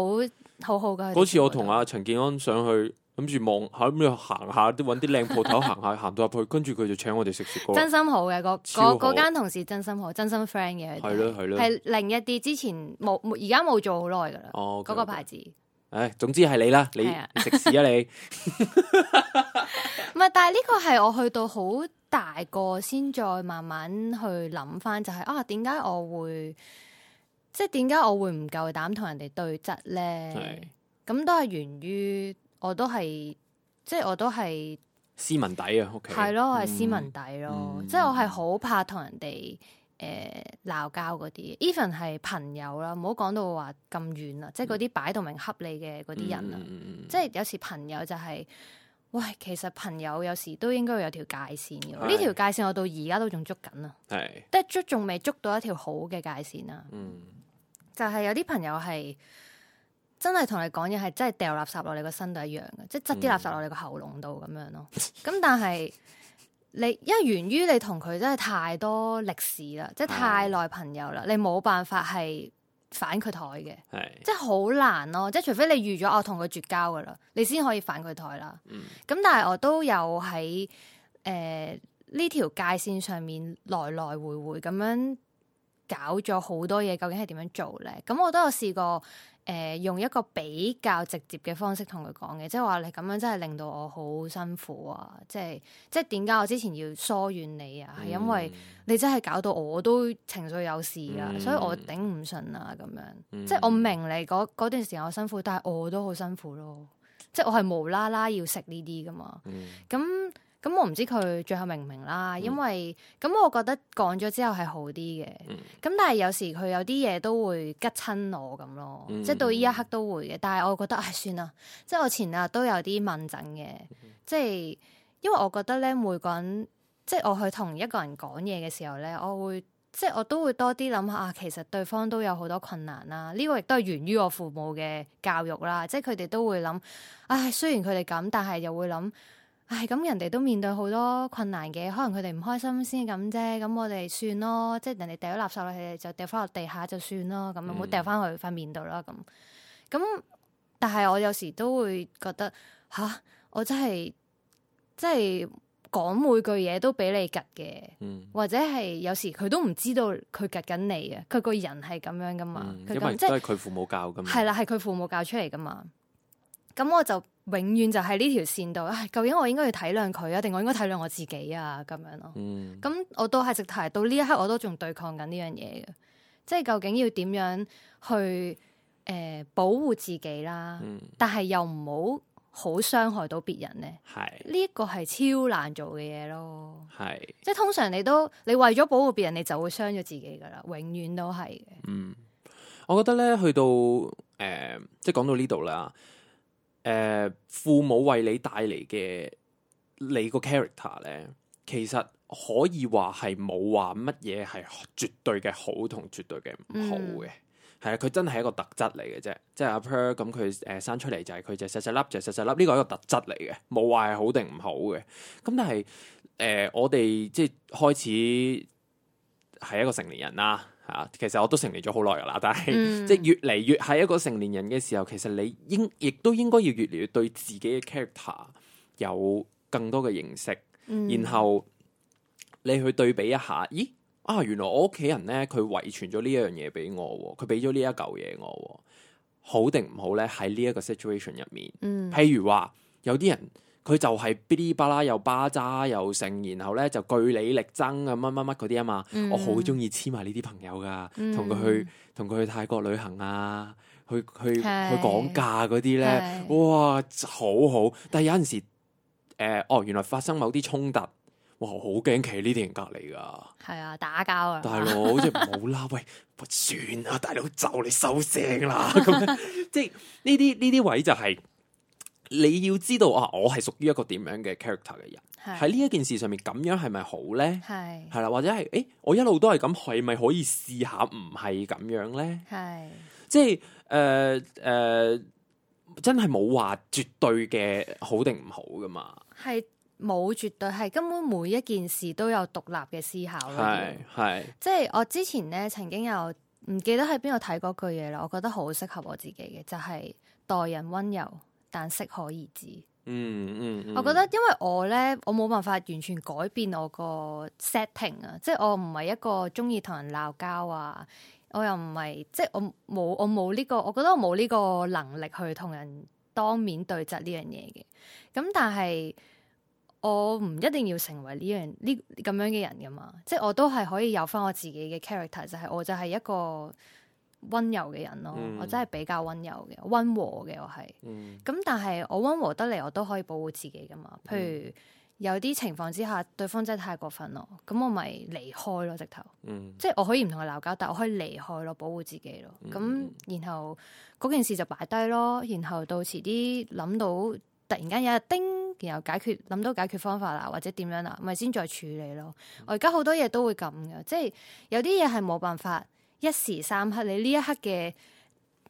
好好噶。嗰次我同阿陳健安上去，諗住望下，後屘行下都揾啲靚鋪頭，行下行到入去，跟住佢就請我哋食雪糕。真心好嘅，嗰嗰間同事真心好，真心 friend 嘅。係咯係咯，係另一啲之前冇而家冇做好耐噶啦，嗰個牌子。唉、哎，總之係你啦，你食屎是啊你啊！唔係， 但係呢個係我去到好大個，先再慢慢去諗翻、就是，就係啊，點解我會？即係點解我會唔夠膽同人哋對質咧？咁是都係源於我都係，即、就、係、是、我都係斯文底啊！屋企係咯，我係斯文底咯，即係、嗯、我係好怕同人哋。誒，鬧交嗰啲，even 係朋友啦，唔好講到話咁遠啦，嗯、即係嗰啲擺到明恰你嘅嗰啲人啦，嗯、即係有時朋友就係、是，喂，其實朋友有時都應該有條界線嘅，呢條、哎、界線我到而家都仲捉緊啊，係，哎、即係捉仲未捉到一條好嘅界線啊。嗯、就係有啲朋友係真係同你講嘢係真係掉垃圾落你個身度一樣嘅，嗯、即係執啲垃圾落你個喉嚨度咁樣咯，咁、嗯、 但係。你，因為源於你同佢真係太多歷史啦，的即係太耐朋友啦，你冇辦法係反佢台嘅，的即係好難咯。即係除非你預咗、啊、我同佢絕交噶啦，你先可以反佢台啦。咁、嗯、但係我都有喺誒呢條界線上面來來回回咁樣搞咗好多嘢，究竟係點樣做咧？咁我都有試過。誒、呃、用一個比較直接嘅方式同佢講嘅，即係話你咁樣真係令到我好辛苦啊！即係即係點解我之前要疏遠你啊？係、嗯、因為你真係搞到我都情緒有事啊，嗯、所以我頂唔順啊咁樣。嗯、即係我明你嗰嗰段時間我辛苦，但係我都好辛苦咯。即係我係無啦啦要食呢啲㗎嘛。咁、嗯。嗯咁我唔知佢最後明唔明啦，嗯嗯、因為咁、嗯、我覺得講咗之後係好啲嘅。咁、嗯、但係有時佢有啲嘢都會吉親我咁咯，嗯、即係到呢一刻都會嘅。嗯、但係我覺得唉、哎，算啦，即係我前日都有啲問診嘅，即係因為我覺得咧，每個人即係我去同一個人講嘢嘅時候咧，我會即係我都會多啲諗下，其實對方都有好多困難啦。呢、呢個亦都係源於我父母嘅教育啦，即係佢哋都會諗，唉、哎，雖然佢哋咁，但係又會諗。唉，咁人哋都面對好多困難嘅，可能佢哋唔開心先咁啫。咁我哋算咯，即係人哋掉垃圾落去就掉翻落地下就算啦。咁，唔好掉翻去塊面度啦。咁，咁但係我有時都會覺得吓，我真係即係講每句嘢都俾你及嘅。嗯、或者係有時佢都唔知道佢及緊你啊。佢個人係咁樣噶嘛，即、嗯、因為係佢父母教噶嘛。係啦，係佢父母教出嚟噶嘛。咁我就。永遠就喺呢條線度，哎，究竟我應該要體諒佢啊，定我應該體諒我自己啊？咁樣咯。咁，嗯，我都係直提到呢一刻，我都仲對抗緊呢樣嘢嘅，即係究竟要點樣去誒，呃，保護自己啦？嗯，但係又唔好好傷害到別人呢？係呢一個係超難做嘅嘢咯。係是即係通常你都你為咗保護別人，你就會傷咗自己噶啦。永遠都係嘅。嗯，我覺得咧，去到誒，呃，即係講到呢度啦。誒，父母為你帶嚟嘅你個 character 咧，其實可以話係冇話乜嘢係絕對嘅好同絕對嘅唔好嘅，係啊、嗯，佢真係一個特質嚟嘅啫，即係阿 Per 咁佢誒生出嚟就係佢就細細粒就細細粒，呢、這個係一個特質嚟嘅，冇話係好定唔好嘅，咁但係誒、呃、我哋即係開始係一個成年人啦。吓，其實我都成年咗好耐噶啦，但係、嗯、即係越嚟越係一個成年人嘅時候，其實你應亦都應該要越嚟越對自己嘅 character 有更多嘅認識，嗯、然後你去對比一下，咦啊，原來我屋企人咧佢遺傳咗呢樣嘢俾我，佢俾咗呢一嚿嘢我，好定唔好咧？喺呢一個 situation 入面，嗯、譬如話有啲人。佢就係嗶哩吧啦又巴渣又剩，然後咧就據理力爭啊乜乜乜嗰啲啊嘛，什麼什麼嗯、我好中意黐埋呢啲朋友噶，同佢、嗯、去同佢去泰國旅行啊，去去是去講價嗰啲咧，是哇好好！但係有陣時，誒、呃、哦原來發生某啲衝突，哇好驚企呢啲人隔籬噶，係啊打交啊！啊大佬哥，好似唔好啦，喂，算啦，大佬就你收聲啦，咁即係呢啲呢啲位就係、是。 你要知道啊，我係屬於一個點樣嘅 character 嘅人喺呢一件事上面咁樣係咪好咧？係係是啦，或者係誒、欸，我一路都係咁，係咪可以試下唔係咁樣咧？係是即係誒誒，真係冇話絕對嘅好定唔好㗎嘛？係冇絕對，係根本每一件事都有獨立嘅思考咯。係即係我之前咧，曾經有唔記得喺邊度睇過句嘢啦。我覺得好適合我自己嘅，就係、是、待人溫柔。但適可而止。嗯嗯，嗯嗯，我覺得因為我咧，我冇辦法完全改變我個 setting 啊，即係我唔係一個鍾意同人鬧交啊，我又唔係即係我冇我冇呢個，我覺得我冇呢個能力去同人當面對質呢樣嘢嘅。咁但係我唔一定要成為呢樣呢咁樣嘅人㗎嘛，即係我都係可以有返我自己嘅 character，就係我就係一個溫柔嘅人咯，我真係比較溫柔嘅，溫和嘅我係，咁、嗯、但係我溫和得嚟，我都可以保護自己噶嘛。譬如有啲情況之下，對方真係太過分咯，咁我咪離開咯，直頭，即係、嗯、我可以唔同佢鬧交，但我可以離開咯，保護自己咯。咁、嗯、然後嗰件事就擺低咯，然後到遲啲諗到突然間有一叮，然後解決諗到解決方法啦，或者點樣啦，咪先再處理咯。我而家好多嘢都會咁嘅，即係有啲嘢係冇辦法。一時三刻，你呢一刻嘅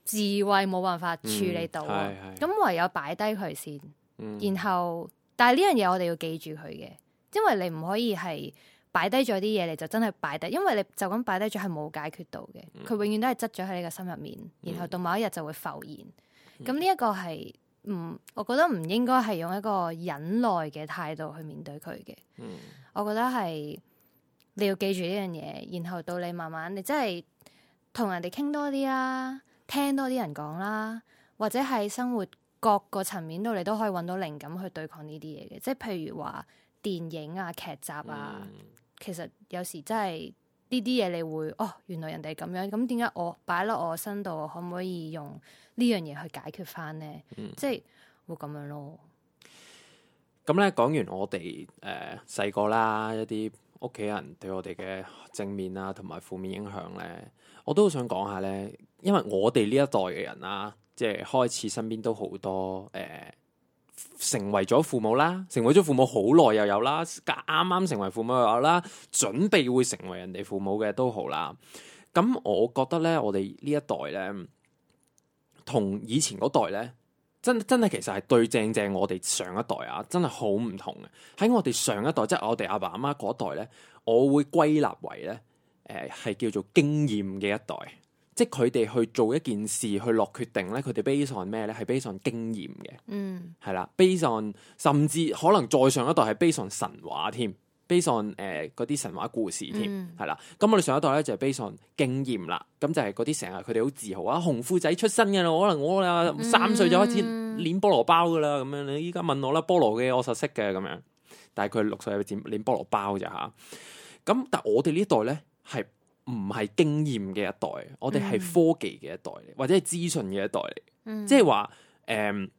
智慧冇辦法處理到咁、嗯、唯有擺低佢先。嗯、然後，但係呢樣嘢我哋要記住佢嘅，因為你唔可以係擺低咗啲嘢，你就真係擺低，因為你就咁擺低咗係冇解決到嘅。佢永遠都係積咗喺你個心入面，然後到某一日就會浮現。咁呢一個係唔、嗯，我覺得唔應該係用一個忍耐嘅態度去面對佢嘅。嗯、我覺得係你要記住呢樣嘢，然後到你慢慢，你真係。同人哋傾多啲啦，聽多啲人講啦，或者喺生活各個層面度，你都可以揾到靈感去對抗呢啲嘢嘅。即係譬如話電影啊、劇集啊，其實有時真係呢啲嘢，你會哦，原來人哋咁樣，咁點解我擺落我身度，可唔可以用呢樣嘢去解決翻呢？嗯、即係會咁樣咯。咁咧、嗯，講完我哋誒細個啦一啲。屋企人對我哋嘅正面啊，同埋負面影響呢，我都好想講下呢。因為我哋呢一代嘅人啦，即係開始身邊都好多誒、呃，成為咗父母啦，成為咗父母好耐又有啦，啱啱成為父母又有啦，準備會成為人哋父母嘅都好啦。咁我覺得呢，我哋呢一代呢，同以前嗰代呢。真真係其實係對正正我哋上一代啊，真係好唔同嘅。喺我哋上一代，即係我哋阿爸阿媽嗰代咧，我會歸納為咧，誒係叫做經驗嘅一代。即係佢哋去做一件事去落決定咧，佢哋 base on 咩咧？係 base on 經驗嘅。嗯，係啦，base on 甚至可能再上一代係 base on 神話添。Based on，誒嗰啲神話故事添，係啦、嗯。咁我哋上一代咧就 based、是、on 經驗啦，咁就係嗰啲成日佢哋好自豪啊，紅褲仔出身噶啦，可能我啊、嗯、三歲就開始練菠蘿包噶啦，咁樣，你依家問我啦，菠蘿嘅我實識嘅，咁樣。但係佢六歲就練練菠蘿包咋吓？咁、啊、但係我哋呢代咧係唔係經驗嘅一代，嗯、我哋係科技嘅一代，或者係資訊嘅一代嚟，即係話誒，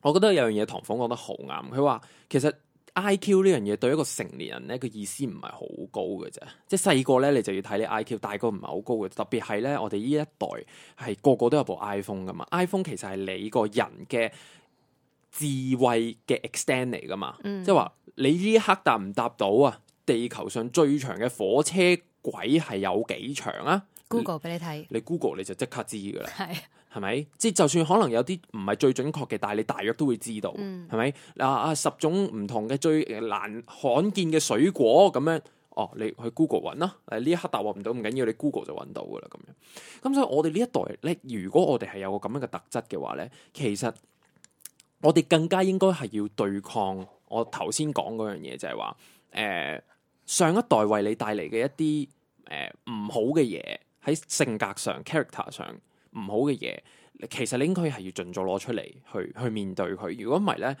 我覺得有樣嘢唐鳳講得好啱，佢話其實。I.Q 呢樣嘢對一個成年人咧，個意思唔係好高嘅啫，即係細個咧你就要睇你 I.Q，大個唔係好高嘅，特別係咧我哋呢一代係個，個個都有部 iPhone 噶嘛，iPhone 其實係你個人嘅智慧嘅 extend 嚟噶嘛，嗯、即係話你呢一刻搭唔搭到啊？地球上最長嘅火車軌係有幾長啊？Google 俾你睇，你 Google 你就即刻知噶啦。 係咪？即係就算可能有啲唔係最準確嘅，但係你大約都會知道，係咪？嗯。嗱啊，十種唔同嘅最難罕見嘅水果咁樣，哦，你去 Google 搵啦。呢一刻答唔到唔緊要，你 Google 就搵到噶啦。咁樣，咁所以我哋呢一代咧，如果我哋係有個咁樣嘅特質嘅話呢，其實我哋更加應該係要對抗我頭先講嗰樣嘢，就係話，誒,上一代為你帶嚟嘅一啲誒唔好嘅嘢，喺性格上、character 上。唔好嘅嘢，其實你應該係要盡早攞出嚟，去去面對佢。如果唔係呢，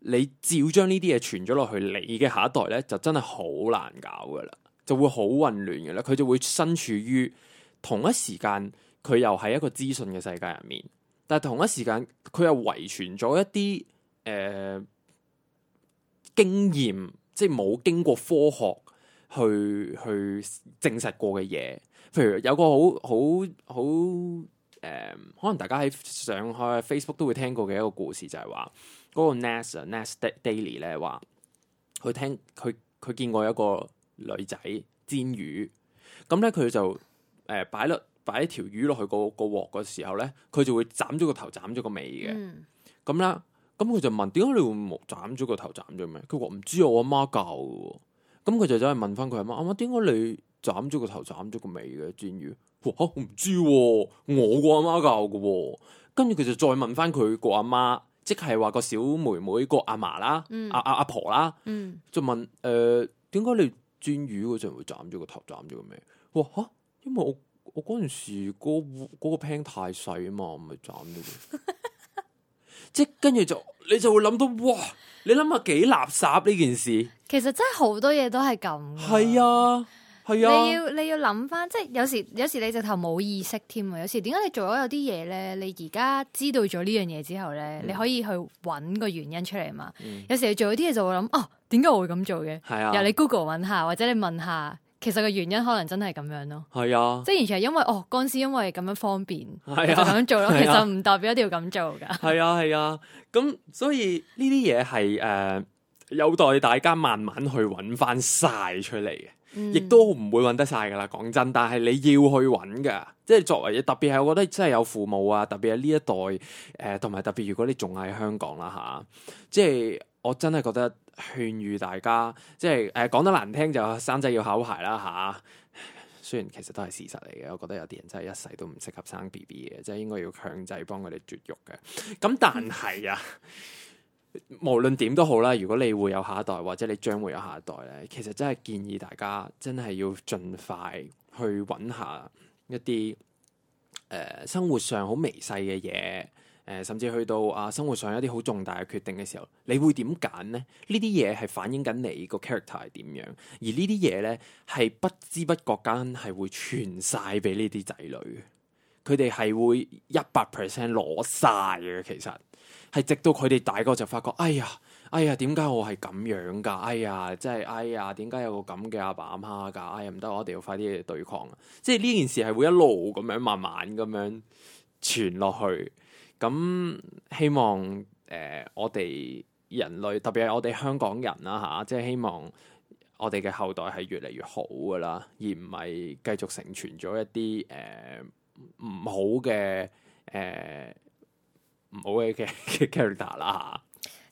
你照將呢啲嘢傳咗落去，你嘅下一代呢就真係好難搞噶啦，就會好混亂噶啦。佢就會身處於同一時間，佢又喺一個資訊嘅世界入面，但係同一時間佢又遺傳咗一啲誒、呃、經驗，即係冇經過科學去去證實過嘅嘢。譬如有個好好好。誒、嗯，可能大家喺上海 Facebook 都會聽過嘅一個故事，就係話嗰個 Nas Nas Daily 咧話，佢聽佢佢見過一個女仔煎魚，咁咧佢就誒、呃、擺落擺一條魚落去個個鑊嘅時候咧，佢就會斬咗個頭，斬咗個尾嘅。咁啦、嗯，咁佢就問：點解你會冇斬咗個頭，斬咗咩？佢話唔知我阿媽,媽教嘅。咁佢就走去問翻佢阿媽：阿、啊、媽，點解你斬咗個頭，斬咗個尾嘅煎魚？我唔知，我個阿媽教嘅、啊。跟住佢就再問翻佢個阿媽，即係話個小妹妹個阿嫲啦，阿阿阿婆啦，嗯、就問誒，點、呃、解你煎魚嗰陣會斬咗個頭，斬咗個咩？哇吓！因為我我嗰陣時嗰、嗰個 pan、嗰個、太細啊嘛，咪斬咗。 即係跟住就你就會諗到哇，你諗下幾垃圾呢件事。其實真係好多嘢都係咁。係啊。係啊、你要你要諗翻，即係有時有時你直頭冇意識添啊！有時點解你做咗有啲嘢咧？你而家知道咗呢樣嘢之後咧，你可以去揾個原因出嚟嘛？有時你做咗啲嘢就會諗哦，點解我會咁做嘅？由、啊、你 Google 揾下，或者你問下，其實個原因可能真係咁樣咯。係啊，即係完全係因為哦，嗰時因為咁樣方便，啊、就咁做咯。其實唔代表一定要咁做噶。係啊係啊，咁、啊啊、所以呢啲嘢係誒有待大家慢慢去揾翻晒出嚟嘅。亦、嗯、都唔會揾得晒㗎啦，講真。但係你要去揾㗎，即係作為特別係，我覺得真係有父母啊，特別係呢一代誒，同、呃、埋特別如果你仲喺香港啦吓、啊，即係我真係覺得勸喻大家，即係誒、呃、講得難聽就生仔要考牌啦吓，雖然其實都係事實嚟嘅，我覺得有啲人真係一世都唔適合生 B B 嘅，即係應該要強制幫佢哋絕育嘅。咁但係呀、啊。嗯無論點都好啦，如果你會有下一代，或者你將會有下一代咧，其實真係建議大家真係要盡快去揾下一啲誒、呃、生活上好微細嘅嘢，誒、呃、甚至去到啊生活上有一啲好重大嘅決定嘅時候，你會點揀呢？呢啲嘢係反映緊你個 character 係點樣，而呢啲嘢咧係不知不覺間係會傳晒俾呢啲仔女，佢哋係會一百 percent 攞晒嘅，其實。係直到佢哋大個就發覺，哎呀，哎呀，點解我係咁樣噶？哎呀，即係，哎呀，點解有個咁嘅阿爸阿媽噶？哎呀，唔得，我哋要快啲去對抗。即係呢件事係會一路咁樣慢慢咁樣傳落去。咁希望誒、呃，我哋人類特別係我哋香港人啦吓、啊，即係希望我哋嘅後代係越嚟越好噶啦，而唔係繼續承傳咗一啲誒唔好嘅誒。呃唔好嘅嘅 character 啦，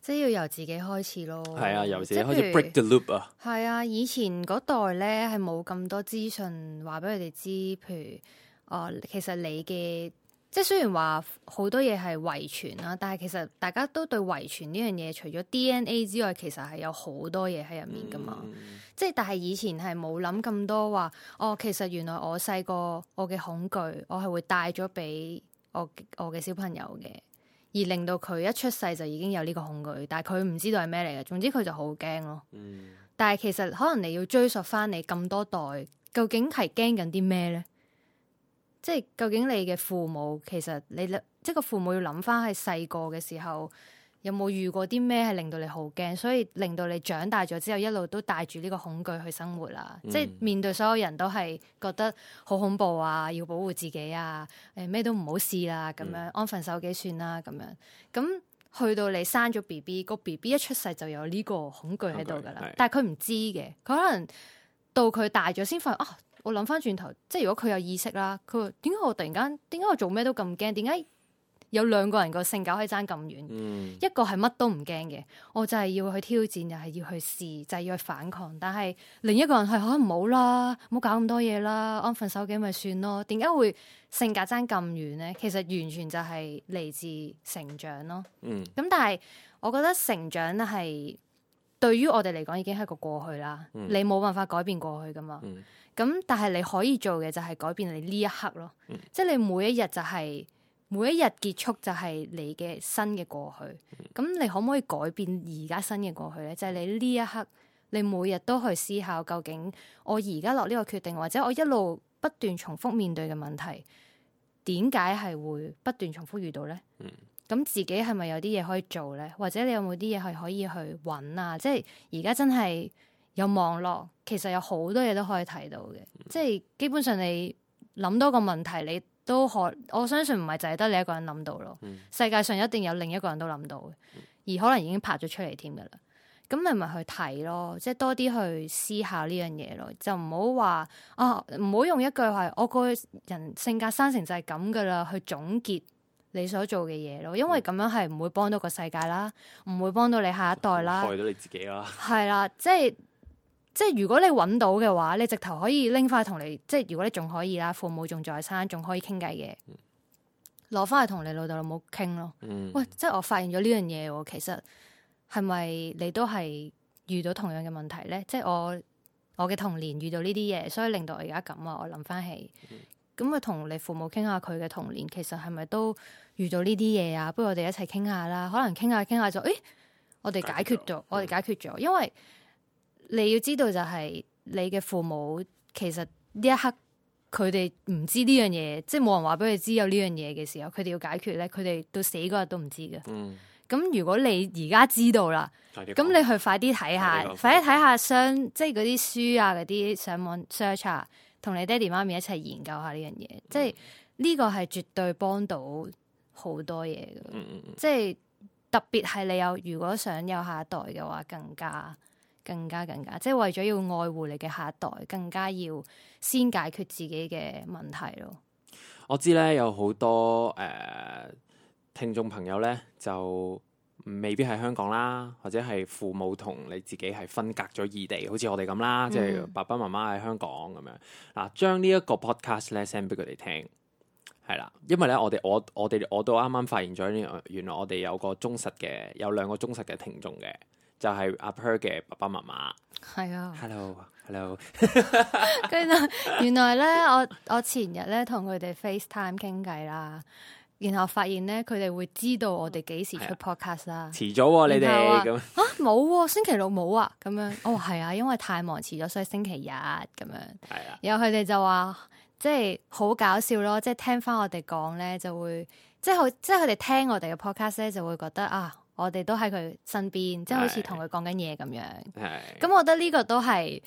即係要由自己開始咯。係啊，由自己開始 break the loop 啊。係啊，以前嗰代咧係冇咁多資訊話俾佢哋知，譬如哦，其實你嘅即係雖然話好多嘢係遺傳啦，但係其實大家都對遺傳呢樣嘢，除咗 DNA 之外，其實係有好多嘢喺入面噶嘛。嗯、即係但係以前係冇諗咁多話，哦，其實原來我細個我嘅恐懼，我係會帶咗俾我我嘅小朋友嘅。而令到佢一出世就已經有呢個恐懼，但係佢唔知道係咩嚟嘅。總之佢就好驚咯。嗯、但係其實可能你要追溯翻你咁多代，究竟係驚緊啲咩呢？即係究竟你嘅父母其實你即係個父母要諗翻喺細個嘅時候。有冇遇過啲咩係令到你好驚，所以令到你長大咗之後一路都帶住呢個恐懼去生活啦，嗯、即係面對所有人都係覺得好恐怖啊，要保護自己啊，誒、呃、咩都唔好試啦、啊，咁樣、嗯、安分守己算啦，咁樣咁去到你生咗 B B，個 B B 一出世就有呢個恐懼喺度噶啦，okay，但係佢唔知嘅，佢的可能到佢大咗先發現，哦、啊，我諗翻轉頭，即係如果佢有意識啦，佢，點解我突然間點解我做咩都咁驚，點解？有兩個人個性格可以爭咁遠，嗯、一個係乜都唔驚嘅，我就係要去挑戰，又、就、係、是、要去試，就係、是、要去反抗。但係另一個人係，嚇唔好啦，唔好搞咁多嘢啦，安分守己咪算咯。點解會性格爭咁遠咧？其實完全就係嚟自成長咯。咁、嗯、但係我覺得成長咧係對於我哋嚟講已經係一個過去啦。嗯、你冇辦法改變過去噶嘛？咁、嗯、但係你可以做嘅就係改變你呢一刻咯。嗯、即係你每一日就係、是。每一日結束就係你嘅新嘅過去，咁、嗯、你可唔可以改變而家新嘅過去呢？就係、是、你呢一刻，你每日都去思考究竟我而家落呢個決定，或者我一路不斷重複面對嘅問題，點解係會不斷重複遇到呢？咁、嗯、自己係咪有啲嘢可以做呢？或者你有冇啲嘢係可以去揾啊？即係而家真係有網絡，其實有好多嘢都可以睇到嘅。嗯、即係基本上你諗多個問題，你。都可，我相信唔係淨係得你一個人諗到咯。嗯、世界上一定有另一個人都諗到，嗯、而可能已經拍咗出嚟添噶啦。咁你咪去睇咯，即係多啲去思考呢樣嘢咯。就唔好話啊，唔好用一句話，我個人性格生成就係咁噶啦，去總結你所做嘅嘢咯。因為咁樣係唔會幫到個世界啦，唔、嗯、會幫到你下一代啦，害到你自己啦。係啦，即係。即係如果你搵到嘅話，你直頭可以拎翻去同你，即係如果你仲可以啦，父母仲在生，仲可以傾偈嘅，攞翻去同你老豆老母傾咯。嗯、喂，即係我發現咗呢樣嘢，其實係咪你都係遇到同樣嘅問題呢？即係我我嘅童年遇到呢啲嘢，所以令到我而家咁啊。我諗翻起，咁啊同你父母傾下佢嘅童年，其實係咪都遇到呢啲嘢啊？不如我哋一齊傾下啦，可能傾下傾下就誒，我哋解決咗，我哋解決咗、嗯，因為。你要知道就係你嘅父母，其實呢一刻佢哋唔知呢樣嘢，即係冇人話俾佢知有呢樣嘢嘅時候，佢哋要解決咧，佢哋到死嗰日都唔知嘅。嗯，咁如果你而家知道啦，咁你去快啲睇下，快啲睇下相，即係嗰啲書啊，嗰啲上網 search 啊，同你爹哋媽咪一齊研究下呢樣嘢，即係呢個係絕對幫到好多嘢嘅。嗯嗯嗯，即係特別係你有如果想有下一代嘅話，更加。更加更加，即係為咗要愛護你嘅下一代，更加要先解決自己嘅問題咯。我知咧有好多誒、呃、聽眾朋友咧，就未必喺香港啦，或者係父母同你自己係分隔咗異地，好似我哋咁啦，嗯、即係爸爸媽媽喺香港咁樣嗱，將、啊、呢一個 podcast 咧 send 俾佢哋聽，係啦，因為咧我哋我我哋我都啱啱發現咗呢樣，原來我哋有個忠實嘅有兩個忠實嘅聽眾嘅。就係阿 Per 嘅爸爸媽媽，係啊的，Hello，Hello，跟 住 原來咧，我我前日咧同佢哋 FaceTime 傾偈啦，然後發現咧佢哋會知道我哋幾時出 Podcast 啊，遲咗喎，你哋咁啊冇喎、啊啊、星期六冇啊咁樣，哦係啊，因為太忙遲咗，所以星期日咁樣係啊，的然後佢哋就話即係好搞笑咯，即係聽翻我哋講咧就會即係好即係佢哋聽我哋嘅 Podcast 咧就會覺得啊～我哋都喺佢身邊，即係好似同佢講緊嘢咁樣。咁的我覺得呢個都係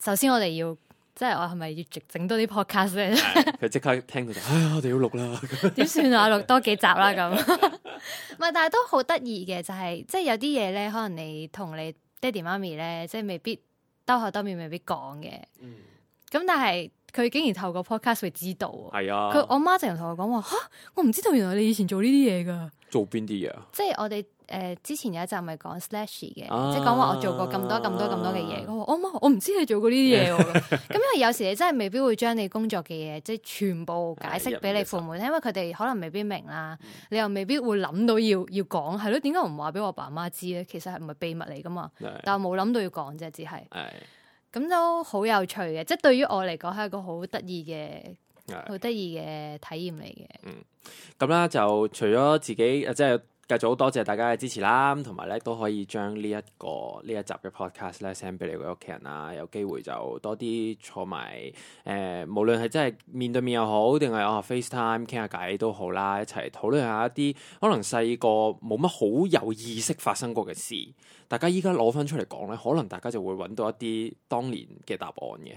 首先我哋要，即係我係咪要整多啲 podcast 咧？ 佢即刻聽到就，哎呀，我哋要錄啦。點算啊？錄多幾集啦咁。唔係， 但係都好得意嘅，就係、是、即係有啲嘢咧，可能你同你爹哋媽咪咧，即係未必兜口兜面未必講嘅。咁、嗯、但係佢竟然透過 podcast 會知道。係啊的。佢我媽成日同我講話，嚇我唔知道，原來你以前做呢啲嘢㗎。做邊啲嘢？即係我哋誒、呃，之前有一集咪講 Slashy 嘅，啊、即係講話我做過咁多咁、啊、多咁多嘅嘢。我、哦媽、我唔知你做過呢啲嘢。咁 因為有時你真係未必會將你工作嘅嘢，即係全部解釋俾你父母聽，因為佢哋可能未必明啦。嗯、你又未必會諗到要要講，係咯？點解唔話俾我爸媽知咧？其實係唔係秘密嚟噶嘛？嗯、但係冇諗到要講啫，只係咁、嗯、都好有趣嘅。即係對於我嚟講係一個好得意嘅、好得意嘅體驗嚟嘅。嗯咁啦，就除咗自己，即係繼續多謝大家嘅支持啦，同埋咧都可以將呢一個呢一集嘅 podcast 咧 send 俾你嘅屋企人啦。有機會就多啲坐埋誒、呃，無論係真係面對面又好，定係哦 FaceTime 傾下偈都好啦，一齊討論下一啲可能細個冇乜好有意識發生過嘅事，大家依家攞翻出嚟講咧，可能大家就會揾到一啲當年嘅答案嘅。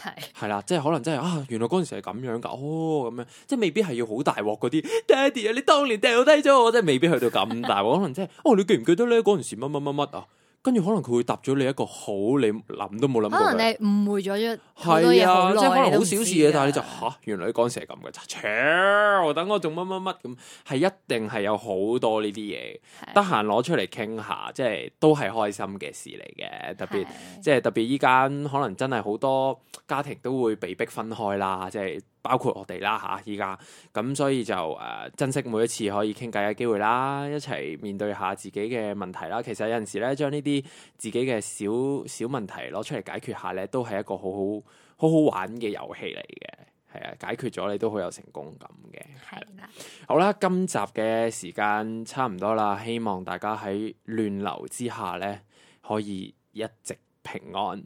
係係啦，即係可能、就是，真係啊，原來嗰陣時係咁樣噶哦，咁樣即係未必係要好大鑊嗰啲，爹哋啊，你當年掉低咗我，真係未必去到咁大鑊， 可能真、就、係、是、哦，你記唔記得咧嗰陣時乜乜乜乜啊？跟住可能佢會答咗你一個好你諗都冇諗過，可能你誤會咗一係啊，即係可能好小事嘅，但係你就吓、啊，原來你講成係咁嘅，切，我等我做乜乜乜咁，係一定係有好多呢啲嘢，得閒攞出嚟傾下，即係都係開心嘅事嚟嘅，特別是的 即係特別依家可能真係好多家庭都會被逼分開啦，即係。包括我哋啦吓，依家咁所以就誒、呃、珍惜每一次可以傾偈嘅機會啦，一齊面對下自己嘅問題啦。其實有陣時咧，將呢啲自己嘅小小問題攞出嚟解決下咧，都係一個好好好好玩嘅遊戲嚟嘅。係啊，解決咗你都好有成功感嘅。係啦、啊，的好啦，今集嘅時間差唔多啦，希望大家喺亂流之下咧可以一直平安。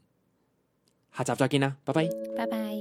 下集再見啦，拜拜，拜拜。